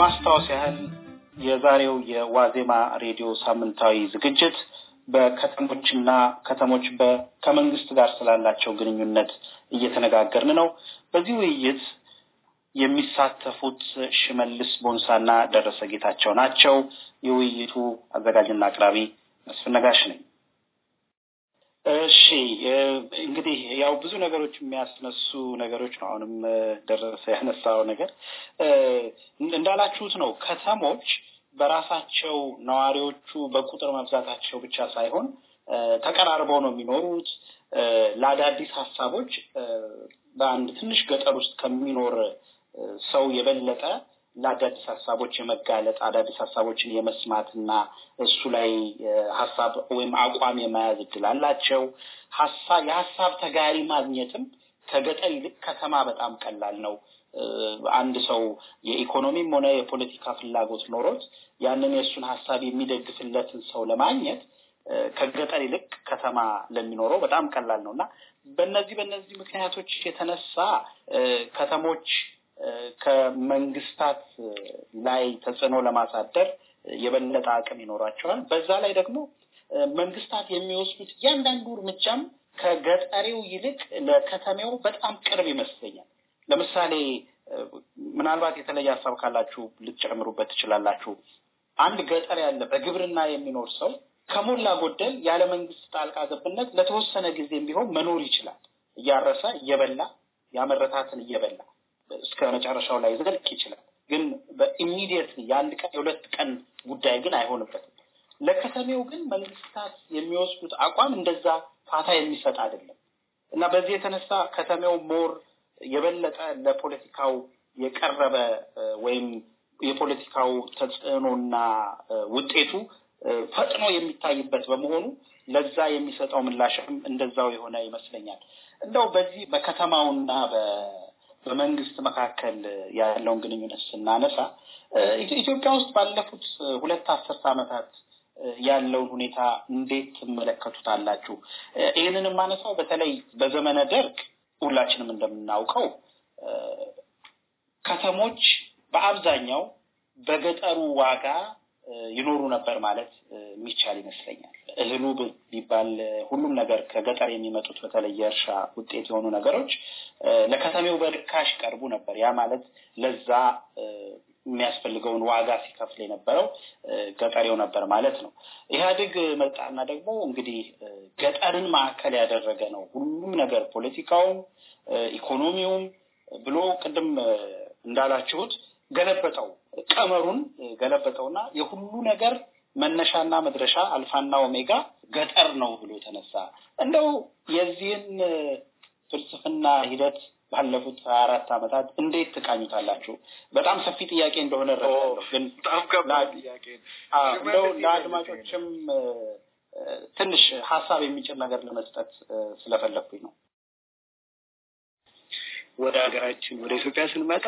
[SPEAKER 1] ለማስታወስ ያህል የዛሬው የዋዜማ ሬዲዮ ሳምንታዊ ዝግጅት በከተሞችና ከተሞች ከመንግስት ጋር ስላላቸው ግንኙነት እየተነጋገርን ነው። በዚህ ውይይት የሚሳተፉት ሽመልስ ቦንሳና ደረሰ ጌታቸው ናቸው። የውይይቱ አዘጋጅና አቅራቢ መስፍን ነጋሽ ነኝ። እሺ እንግዲህ ያው ብዙ ነገሮች የሚያስነሱ ነገሮች ነው። አሁንም ደረሰ ያነሳው ነገር እንዳላችሁት ነው። ከተሞች በራሳቸው ነዋሪዎቹ በቁጥር መብዛታቸው ብቻ ሳይሆን ተቀራርበው ነው የሚኖሩት። ለአዳዲስ ሀሳቦች በአንድ ትንሽ ገጠር ውስጥ ከሚኖር ሰው የበለጠ ለአዳዲስ ሀሳቦች የመጋለጥ አዳዲስ ሀሳቦችን የመስማት እና እሱ ላይ ሀሳብ ወይም አቋም የመያዝ እድል አላቸው። ሀሳብ የሀሳብ ተጋሪ ማግኘትም ከገጠር ይልቅ ከተማ በጣም ቀላል ነው። አንድ ሰው የኢኮኖሚም ሆነ የፖለቲካ ፍላጎት ኖሮት ያንን የእሱን ሀሳብ የሚደግፍለትን ሰው ለማግኘት ከገጠር ይልቅ ከተማ ለሚኖረው በጣም ቀላል ነው እና በእነዚህ በእነዚህ ምክንያቶች የተነሳ ከተሞች ከመንግስታት ላይ ተጽዕኖ ለማሳደር የበለጠ አቅም ይኖራቸዋል። በዛ ላይ ደግሞ መንግስታት የሚወስዱት እያንዳንዱ እርምጃም ከገጠሬው ይልቅ ለከተሜው በጣም ቅርብ ይመስለኛል። ለምሳሌ ምናልባት የተለየ ሀሳብ ካላችሁ ልትጨምሩበት ትችላላችሁ። አንድ ገጠር ያለ በግብርና የሚኖር ሰው ከሞላ ጎደል ያለ መንግስት ጣልቃ ገብነት ለተወሰነ ጊዜም ቢሆን መኖር ይችላል። እያረሰ እየበላ ያመረታትን እየበላ እስከ መጨረሻው ላይ ዘልቅ ይችላል። ግን በኢሚዲየት የአንድ ቀን የሁለት ቀን ጉዳይ ግን አይሆንበትም። ለከተሜው ግን መንግስታት የሚወስዱት አቋም እንደዛ ፋታ የሚሰጥ አይደለም እና በዚህ የተነሳ ከተሜው ሞር የበለጠ ለፖለቲካው የቀረበ ወይም የፖለቲካው ተጽዕኖና ውጤቱ ፈጥኖ የሚታይበት በመሆኑ ለዛ የሚሰጠው ምላሽም እንደዛው የሆነ ይመስለኛል። እንደው በዚህ በከተማውና በመንግስት መካከል ያለውን ግንኙነት ስናነሳ ኢትዮጵያ ውስጥ ባለፉት ሁለት አስርት ዓመታት ያለውን ሁኔታ እንዴት ትመለከቱታላችሁ? ይህንን የማነሳው በተለይ በዘመነ ደርግ ሁላችንም እንደምናውቀው ከተሞች በአብዛኛው በገጠሩ ዋጋ ይኖሩ ነበር ማለት የሚቻል ይመስለኛል። እህሉ ቢባል ሁሉም ነገር ከገጠር የሚመጡት በተለይ የእርሻ ውጤት የሆኑ ነገሮች ለከተሜው በርካሽ ቀርቡ ነበር። ያ ማለት ለዛ የሚያስፈልገውን ዋጋ ሲከፍል የነበረው ገጠሬው ነበር ማለት ነው። ኢህአዴግ መጣና ደግሞ እንግዲህ ገጠርን ማዕከል ያደረገ ነው ሁሉም ነገር ፖለቲካውም፣ ኢኮኖሚውም ብሎ ቅድም እንዳላችሁት ገለበጠው ቀመሩን ገለበጠውና የሁሉ ነገር መነሻና መድረሻ አልፋና ኦሜጋ ገጠር ነው ብሎ ተነሳ። እንደው የዚህን ፍልስፍና ሂደት ባለፉት ሀያ አራት ዓመታት እንዴት ትቃኙታላችሁ? በጣም ሰፊ ጥያቄ እንደሆነ እረዳለሁ፣ ግን እንደው ለአድማጮችም ትንሽ ሀሳብ የሚጭር ነገር ለመስጠት ስለፈለግኩኝ ነው።
[SPEAKER 2] ወደ ሀገራችን ወደ ኢትዮጵያ ስንመጣ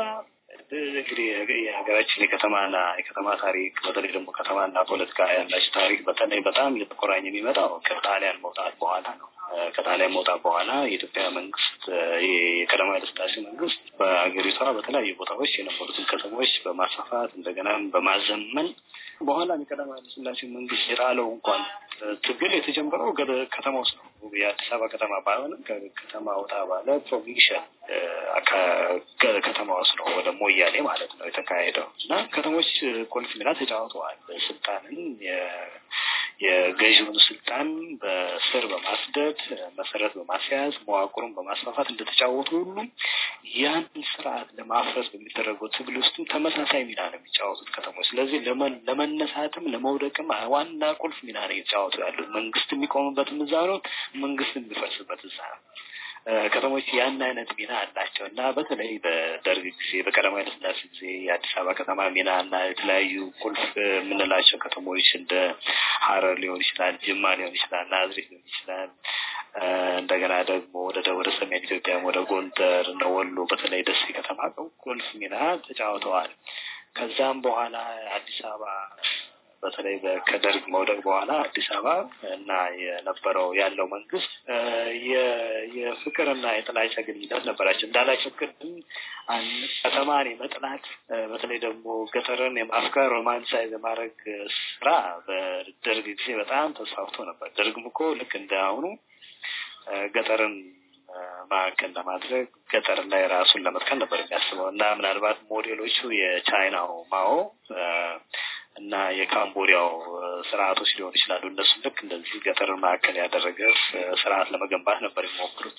[SPEAKER 2] እንግዲህ የሀገራችን የከተማና የከተማ ታሪክ በተለይ ደግሞ ከተማና ፖለቲካ ያላቸው ታሪክ በተለይ በጣም እየተቆራኘ የሚመጣው ከጣሊያን መውጣት በኋላ ነው። ከጣሊያን መውጣ በኋላ የኢትዮጵያ መንግስት የቀዳማዊ ኃይለ መንግስት በአገሪቷ በተለያዩ ቦታዎች የነበሩትን ከተሞች በማስፋፋት እንደገና በማዘመን በኋላ የቀዳማዊ ኃይለ መንግስት የጣለው እንኳን ትግል የተጀመረው ከተማ ውስጥ ነው። የአዲስ አበባ ከተማ ባይሆንም ከተማ ወጣ ባለ ፕሮቪንሽን ከተማ ውስጥ ነው፣ ወደ ሞያሌ ማለት ነው የተካሄደው እና ከተሞች ቁልፍ ሚና ተጫውተዋል። ስልጣንን የገዢውን ስልጣን በስር በማስደድ መሰረት በማስያዝ መዋቅሩን በማስፋፋት እንደተጫወቱ ሁሉም ያን ስርዓት ለማፍረስ በሚደረገው ትግል ውስጥም ተመሳሳይ ሚና ነው የሚጫወቱት ከተሞች። ስለዚህ ለመነሳትም ለመውደቅም ዋና ቁልፍ ሚና ነው የተጫወቱ ያሉት። መንግስት የሚቆምበትም እዛ ነው፣ መንግስት የሚፈርስበት እዛ ነው። ከተሞች ያን አይነት ሚና አላቸው እና በተለይ በደርግ ጊዜ በቀዳማዊ ኃይለ ሥላሴ ጊዜ የአዲስ አበባ ከተማ ሚና እና የተለያዩ ቁልፍ የምንላቸው ከተሞች እንደ ሀረር ሊሆን ይችላል፣ ጅማ ሊሆን ይችላል፣ ናዝሬት ሊሆን ይችላል። እንደገና ደግሞ ወደ ወደ ሰሜን ኢትዮጵያም ወደ ጎንደር እና ወሎ በተለይ ደሴ ከተማ ቁልፍ ሚና ተጫውተዋል። ከዛም በኋላ አዲስ አበባ በተለይ ከደርግ መውደቅ በኋላ አዲስ አበባ እና የነበረው ያለው መንግስት የፍቅርና የጥላቻ ግንኙነት ነበራቸው። እንዳላቸው ቅድም ከተማን የመጥላት በተለይ ደግሞ ገጠርን የማፍቀር ሮማንሳይዝ የማድረግ ስራ በደርግ ጊዜ በጣም ተስፋፍቶ ነበር። ደርግም እኮ ልክ እንዳሁኑ ገጠርን ማዕከል ለማድረግ ገጠር ላይ ራሱን ለመትከል ነበር የሚያስበው እና ምናልባት ሞዴሎቹ የቻይናው ማኦ እና የካምቦዲያው ስርዓቶች ሊሆኑ ይችላሉ። እነሱም ልክ እንደዚህ ገጠርን ማዕከል ያደረገ ስርዓት ለመገንባት ነበር የሚሞክሩት።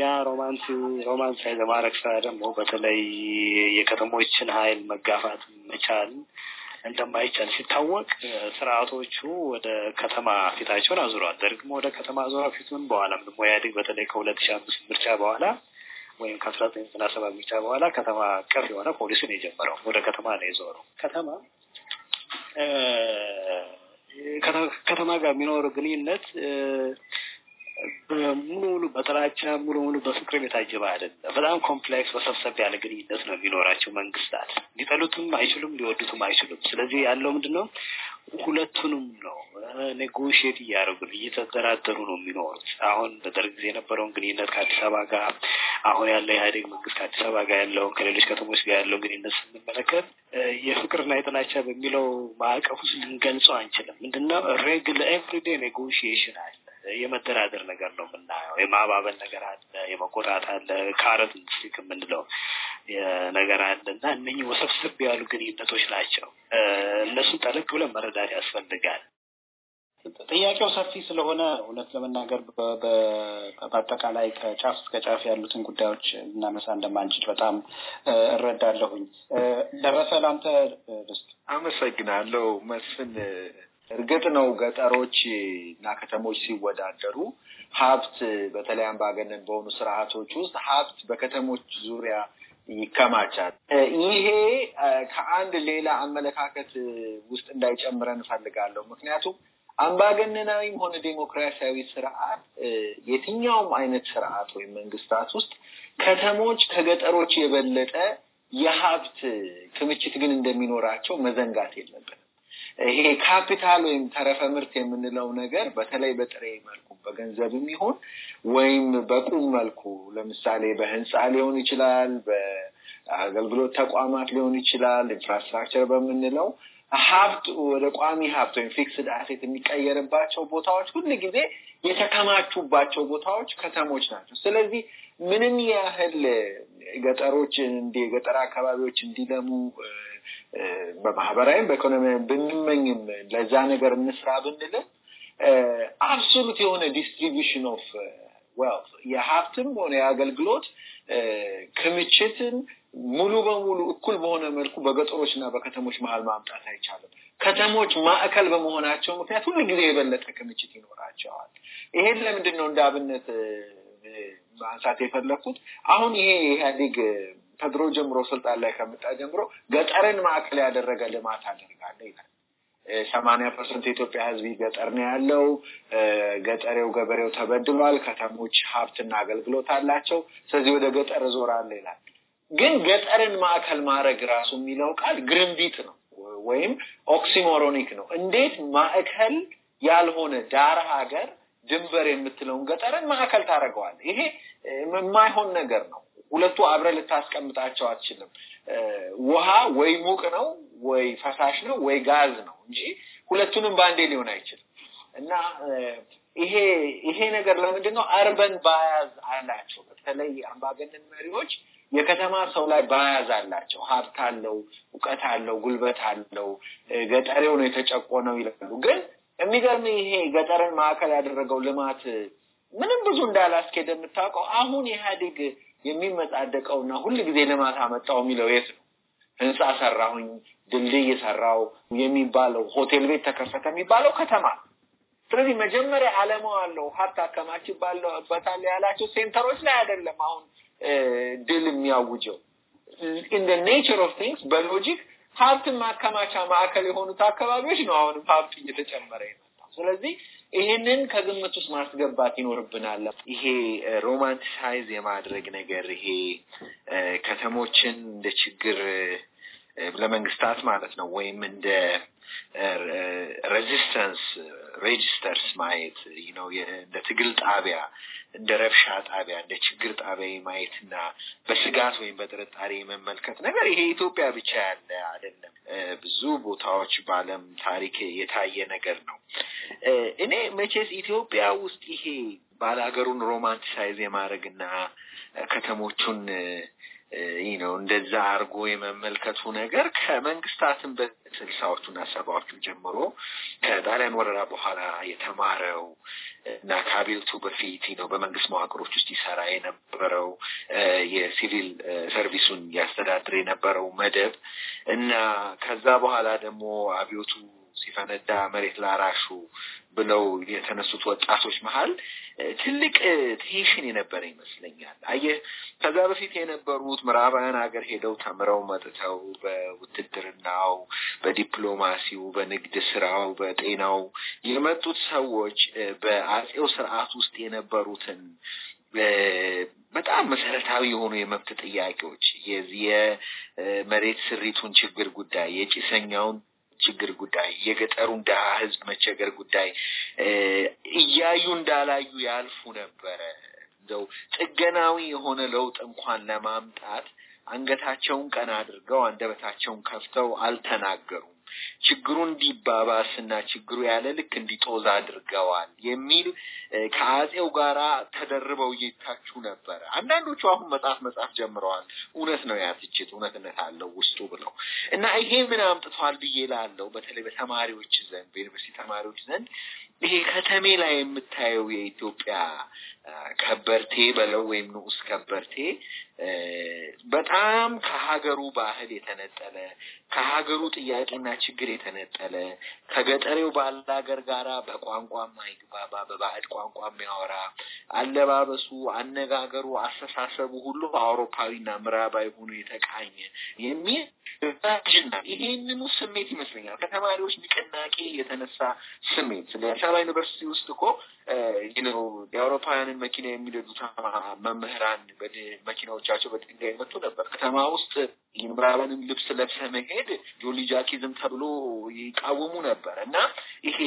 [SPEAKER 2] ያ ሮማንስ ሮማንስ ለማድረግ ስራ ደግሞ በተለይ የከተሞችን ኃይል መጋፋት መቻል እንደማይቻል ሲታወቅ ስርዓቶቹ ወደ ከተማ ፊታቸውን አዙረዋል። ደርግም ወደ ከተማ አዙራ ፊቱን በኋላም ደግሞ ኢህአዴግ በተለይ ከሁለት ሺህ አምስት ምርጫ በኋላ ወይም ከአስራ ዘጠኝ ዘጠና ሰባት ምርጫ በኋላ ከተማ ቀር የሆነ ፖሊሱን የጀመረው ወደ ከተማ ነው የዞረው። ከተማ ከተማ ጋር የሚኖረው ግንኙነት ሙሉ በጥላቻ ሙሉ ሙሉ በፍቅር የታጀበ አይደለም። በጣም ኮምፕሌክስ በሰብሰብ ያለ ግንኙነት ነው የሚኖራቸው መንግስታት። ሊጠሉትም አይችሉም፣ ሊወዱትም አይችሉም። ስለዚህ ያለው ምንድን ነው? ሁለቱንም ነው ኔጎሽት እያደረጉ እየተደራደሩ ነው የሚኖሩት። አሁን በደርግ ጊዜ የነበረውን ግንኙነት ከአዲስ አበባ ጋር አሁን ያለው ኢህአዴግ መንግስት ከአዲስ አበባ ጋር ያለውን ከሌሎች ከተሞች ጋር ያለው ግንኙነት ስንመለከት የፍቅርና የጥላቻ በሚለው ማዕቀፍ ውስጥ ልንገልጸው አንችልም። ምንድነው ሬግል ኤቭሪዴ ኔጎሽዬሽን አለ። የመደራደር ነገር ነው የምናየው። የማባበል ነገር አለ፣ የመቆጣት አለ፣ ካረት ስቲክ የምንለው ነገር አለ እና እነኚህ ወሰብሰብ ያሉ ግንኙነቶች ናቸው። እነሱን ጠለቅ ብለን መረዳት
[SPEAKER 4] ያስፈልጋል።
[SPEAKER 1] ጥያቄው ሰፊ ስለሆነ እውነት ለመናገር በአጠቃላይ ከጫፍ እስከ ጫፍ ያሉትን ጉዳዮች እናነሳ እንደማንችል በጣም እረዳለሁኝ።
[SPEAKER 3] ደረሰ፣ ለአንተ አመሰግናለሁ መስፍን። እርግጥ ነው ገጠሮች እና ከተሞች ሲወዳደሩ ሀብት በተለይ አምባገነን በሆኑ ስርዓቶች ውስጥ ሀብት በከተሞች ዙሪያ ይከማቻል። ይሄ ከአንድ ሌላ አመለካከት ውስጥ እንዳይጨምረን እንፈልጋለሁ። ምክንያቱም አምባገነናዊም ሆነ ዴሞክራሲያዊ ስርዓት የትኛውም አይነት ስርዓት ወይም መንግስታት ውስጥ ከተሞች ከገጠሮች የበለጠ የሀብት ክምችት ግን እንደሚኖራቸው መዘንጋት የለብንም። ይሄ ካፒታል ወይም ተረፈ ምርት የምንለው ነገር በተለይ በጥሬ መልኩ በገንዘብም ይሁን ወይም በቁም መልኩ ለምሳሌ በህንፃ ሊሆን ይችላል፣ በአገልግሎት ተቋማት ሊሆን ይችላል፣ ኢንፍራስትራክቸር በምንለው ሀብት ወደ ቋሚ ሀብት ወይም ፊክስድ አሴት የሚቀየርባቸው ቦታዎች ሁሉ ጊዜ የተከማቹባቸው ቦታዎች ከተሞች ናቸው። ስለዚህ ምንም ያህል ገጠሮች እንዲ ገጠር አካባቢዎች እንዲለሙ በማህበራዊም በኢኮኖሚያዊ ብንመኝም ለዛ ነገር እንስራ ብንልም አብሶሉት የሆነ ዲስትሪቢሽን ኦፍ ዌልት የሀብትም ሆነ የአገልግሎት ክምችትን ሙሉ በሙሉ እኩል በሆነ መልኩ በገጠሮች እና በከተሞች መሀል ማምጣት አይቻልም። ከተሞች ማዕከል በመሆናቸው ምክንያት ሁሉ ጊዜ የበለጠ ክምችት ይኖራቸዋል።
[SPEAKER 4] ይሄን ለምንድን ነው
[SPEAKER 3] እንደ አብነት ማንሳት የፈለግኩት? አሁን ይሄ ኢህአዴግ ከድሮ ጀምሮ ስልጣን ላይ ከመጣ ጀምሮ ገጠርን ማዕከል ያደረገ ልማት አደርጋለሁ ይላል። ሰማንያ ፐርሰንት የኢትዮጵያ ሕዝብ ገጠር ነው ያለው። ገጠሬው ገበሬው ተበድሏል። ከተሞች ሀብትና አገልግሎት አላቸው። ስለዚህ ወደ ገጠር ዞራለ ይላል። ግን ገጠርን ማዕከል ማድረግ ራሱ የሚለው ቃል ግርምቢት ነው ወይም ኦክሲሞሮኒክ ነው። እንዴት ማዕከል ያልሆነ ዳር ሀገር ድንበር የምትለውን ገጠርን ማዕከል ታደርገዋል? ይሄ የማይሆን ነገር ነው። ሁለቱ አብረ ልታስቀምጣቸው አትችልም። ውሃ ወይ ሙቅ ነው ወይ ፈሳሽ ነው ወይ ጋዝ ነው እንጂ ሁለቱንም በአንዴ ሊሆን አይችልም እና ይሄ ይሄ ነገር ለምንድን ነው አርበን ባያዝ አላቸው። በተለይ አምባገነን መሪዎች የከተማ ሰው ላይ ባያዝ አላቸው። ሀብት አለው፣ እውቀት አለው፣ ጉልበት አለው፣ ገጠሬው ነው የተጨቆነው ይላሉ። ግን የሚገርም ይሄ ገጠርን ማዕከል ያደረገው ልማት ምንም ብዙ እንዳላስኬደ የምታውቀው አሁን ኢህአዴግ እና ሁል ጊዜ ልማት አመጣው የሚለው የት ነው? ህንፃ ሰራሁኝ፣ ድልድይ ሰራው የሚባለው ሆቴል ቤት ተከፈተ የሚባለው ከተማ ስለዚህ መጀመሪያ አለማ አለው ሀብት አከማች ባለበታል ያላቸው ሴንተሮች ላይ አይደለም። አሁን ድል የሚያውጀው ኢን ኔቸር ኦፍ ቲንግስ በሎጂክ ሀብትን ማከማቻ ማዕከል የሆኑት አካባቢዎች ነው አሁንም ሀብት እየተጨመረ የመጣ ስለዚህ ይሄንን ከግምት ውስጥ ማስገባት ይኖርብናል። ይሄ ሮማንቲሳይዝ የማድረግ ነገር ይሄ ከተሞችን እንደ ችግር ለመንግስታት ማለት ነው ወይም እንደ ሬዚስተንስ ሬጅስተርስ ማየት ነው እንደ ትግል ጣቢያ፣ እንደ ረብሻ ጣቢያ፣ እንደ ችግር ጣቢያ ማየትና በስጋት ወይም በጥርጣሬ የመመልከት ነገር ይሄ ኢትዮጵያ ብቻ ያለ አይደለም። ብዙ ቦታዎች በዓለም ታሪክ የታየ ነገር ነው። እኔ መቼስ ኢትዮጵያ ውስጥ ይሄ ባለሀገሩን ሮማንቲሳይዝ የማድረግና ከተሞቹን ይህ ነው እንደዛ አርጎ የመመልከቱ ነገር ከመንግስታትን በስልሳዎቹና ሰባዎቹ ጀምሮ ከጣሊያን ወረራ በኋላ የተማረው እና ከአቤልቱ በፊት ነው በመንግስት መዋቅሮች ውስጥ ይሰራ የነበረው የሲቪል ሰርቪሱን ያስተዳድር የነበረው መደብ እና ከዛ በኋላ ደግሞ አብዮቱ ሲፈነዳ መሬት ላራሹ ብለው የተነሱት ወጣቶች መሀል ትልቅ ቴንሽን የነበረ ይመስለኛል። አየህ ከዛ በፊት የነበሩት ምዕራባውያን ሀገር ሄደው ተምረው መጥተው በውትድርናው፣ በዲፕሎማሲው፣ በንግድ ስራው፣ በጤናው የመጡት ሰዎች በአጼው ስርዓት ውስጥ የነበሩትን በጣም መሰረታዊ የሆኑ የመብት ጥያቄዎች የዚህ የመሬት ስሪቱን ችግር ጉዳይ የጭሰኛውን ችግር ጉዳይ፣ የገጠሩን ድሀ ህዝብ መቸገር ጉዳይ እያዩ እንዳላዩ ያልፉ ነበረ። እንደው ጥገናዊ የሆነ ለውጥ እንኳን ለማምጣት አንገታቸውን ቀና አድርገው አንደበታቸውን ከፍተው አልተናገሩም። ችግሩ እንዲባባስና ችግሩ ያለ ልክ እንዲጦዝ አድርገዋል የሚል ከአጼው ጋር ተደርበው እየታቹ ነበረ። አንዳንዶቹ አሁን መጽሐፍ መጽሐፍ ጀምረዋል። እውነት ነው ያትችት እውነትነት አለው ውስጡ ብለው እና ይሄ ምን አምጥቷል ብዬ ላለው በተለይ በተማሪዎች ዘንድ በዩኒቨርሲቲ ተማሪዎች ዘንድ ይሄ ከተሜ ላይ የምታየው የኢትዮጵያ ከበርቴ በለው ወይም ንዑስ ከበርቴ በጣም ከሀገሩ ባህል የተነጠለ ከሀገሩ ጥያቄና ችግር የተነጠለ ከገጠሬው ሀገር ጋር በቋንቋ ማይግባባ በባህል ቋንቋ የሚያወራ አለባበሱ፣ አነጋገሩ፣ አስተሳሰቡ ሁሉ አውሮፓዊና ምዕራባዊ ሆኖ የተቃኘ የሚል ይሄንኑ ስሜት ይመስለኛል ከተማሪዎች ንቅናቄ የተነሳ ስሜት ስለ አዲስ አበባ ዩኒቨርሲቲ ውስጥ እኮ የአውሮፓውያንን መኪና የሚነዱት መምህራን መኪናዎቻቸው በድንጋይ መጥቶ ነበር። ከተማ ውስጥ ምዕራባውያንን ልብስ ለብሰ መሄድ ጆሊጃኪዝም ጃኪዝም ተብሎ ይቃወሙ ነበር እና ይሄ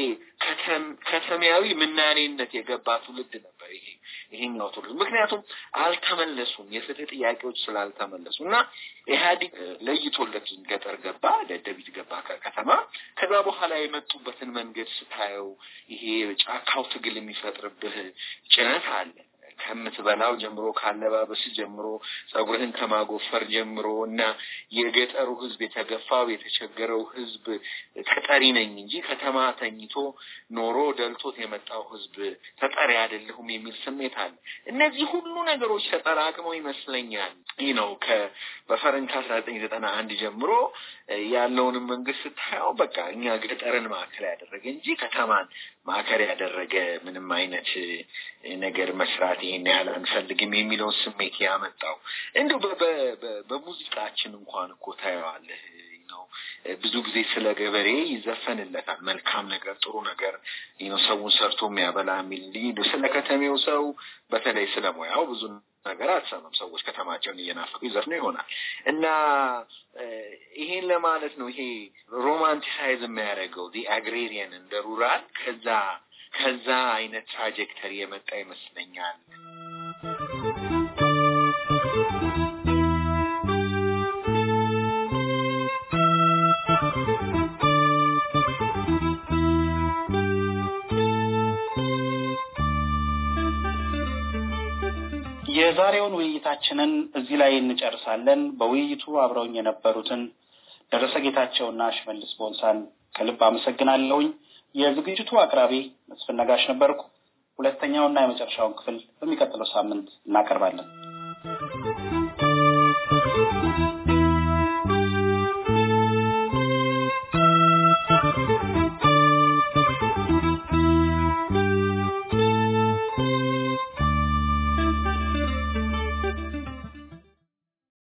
[SPEAKER 3] ከተማያዊ ምናኔነት የገባ ትውልድ ነበር ይሄ ይሄኛው ትውልድ ምክንያቱም አልተመለሱም፣ የፍትህ ጥያቄዎች ስላልተመለሱ እና ኢህአዲግ ለይቶለት ገጠር ገባ፣ ደደቢት ገባ ከተማ። ከዛ በኋላ የመጡበትን መንገድ ስታየው ይሄ ጫካው ትግል የሚፈጥርብህ ጭነት አለ። ከምትበላው ጀምሮ ካለባበስ ጀምሮ ጸጉርህን ከማጎፈር ጀምሮ እና የገጠሩ ህዝብ የተገፋው የተቸገረው ህዝብ ተጠሪ ነኝ እንጂ ከተማ ተኝቶ ኖሮ ደልቶት የመጣው ህዝብ ተጠሪ አይደለሁም የሚል ስሜት አለ። እነዚህ ሁሉ ነገሮች ተጠራቅመው ይመስለኛል ይህ ነው በፈረንጅ አስራ ዘጠኝ ዘጠና አንድ ጀምሮ ያለውንም መንግስት ስታየው በቃ እኛ ገጠርን ማዕከል ያደረገ እንጂ ከተማን ማከር ያደረገ ምንም አይነት ነገር መስራት ይሄን ያህል አንፈልግም የሚለውን ስሜት ያመጣው እንዲሁ በሙዚቃችን እንኳን እኮ ታየዋለህ ነው። ብዙ ጊዜ ስለ ገበሬ ይዘፈንለታል። መልካም ነገር፣ ጥሩ ነገር ሰውን ሰርቶ የሚያበላ የሚል ስለ ከተሜው ሰው በተለይ ስለ ሙያው ብዙ ነገር አልሰማም። ሰዎች ከተማቸውን እየናፈቁ ይዘፍኑ ይሆናል እና ይሄን ለማለት ነው። ይሄ ሮማንቲሳይዝ የሚያደርገው ዲ አግሬሪየን እንደ ሩራል ከዛ
[SPEAKER 4] ከዛ አይነት
[SPEAKER 3] ትራጀክተሪ የመጣ ይመስለኛል።
[SPEAKER 1] የዛሬውን ውይይታችንን እዚህ ላይ እንጨርሳለን። በውይይቱ አብረውኝ የነበሩትን ደረሰ ጌታቸውና ሽመልስ ቦንሳን ከልብ አመሰግናለሁኝ። የዝግጅቱ አቅራቢ መስፍን ነጋሽ ነበርኩ። ሁለተኛውና የመጨረሻውን ክፍል በሚቀጥለው ሳምንት እናቀርባለን።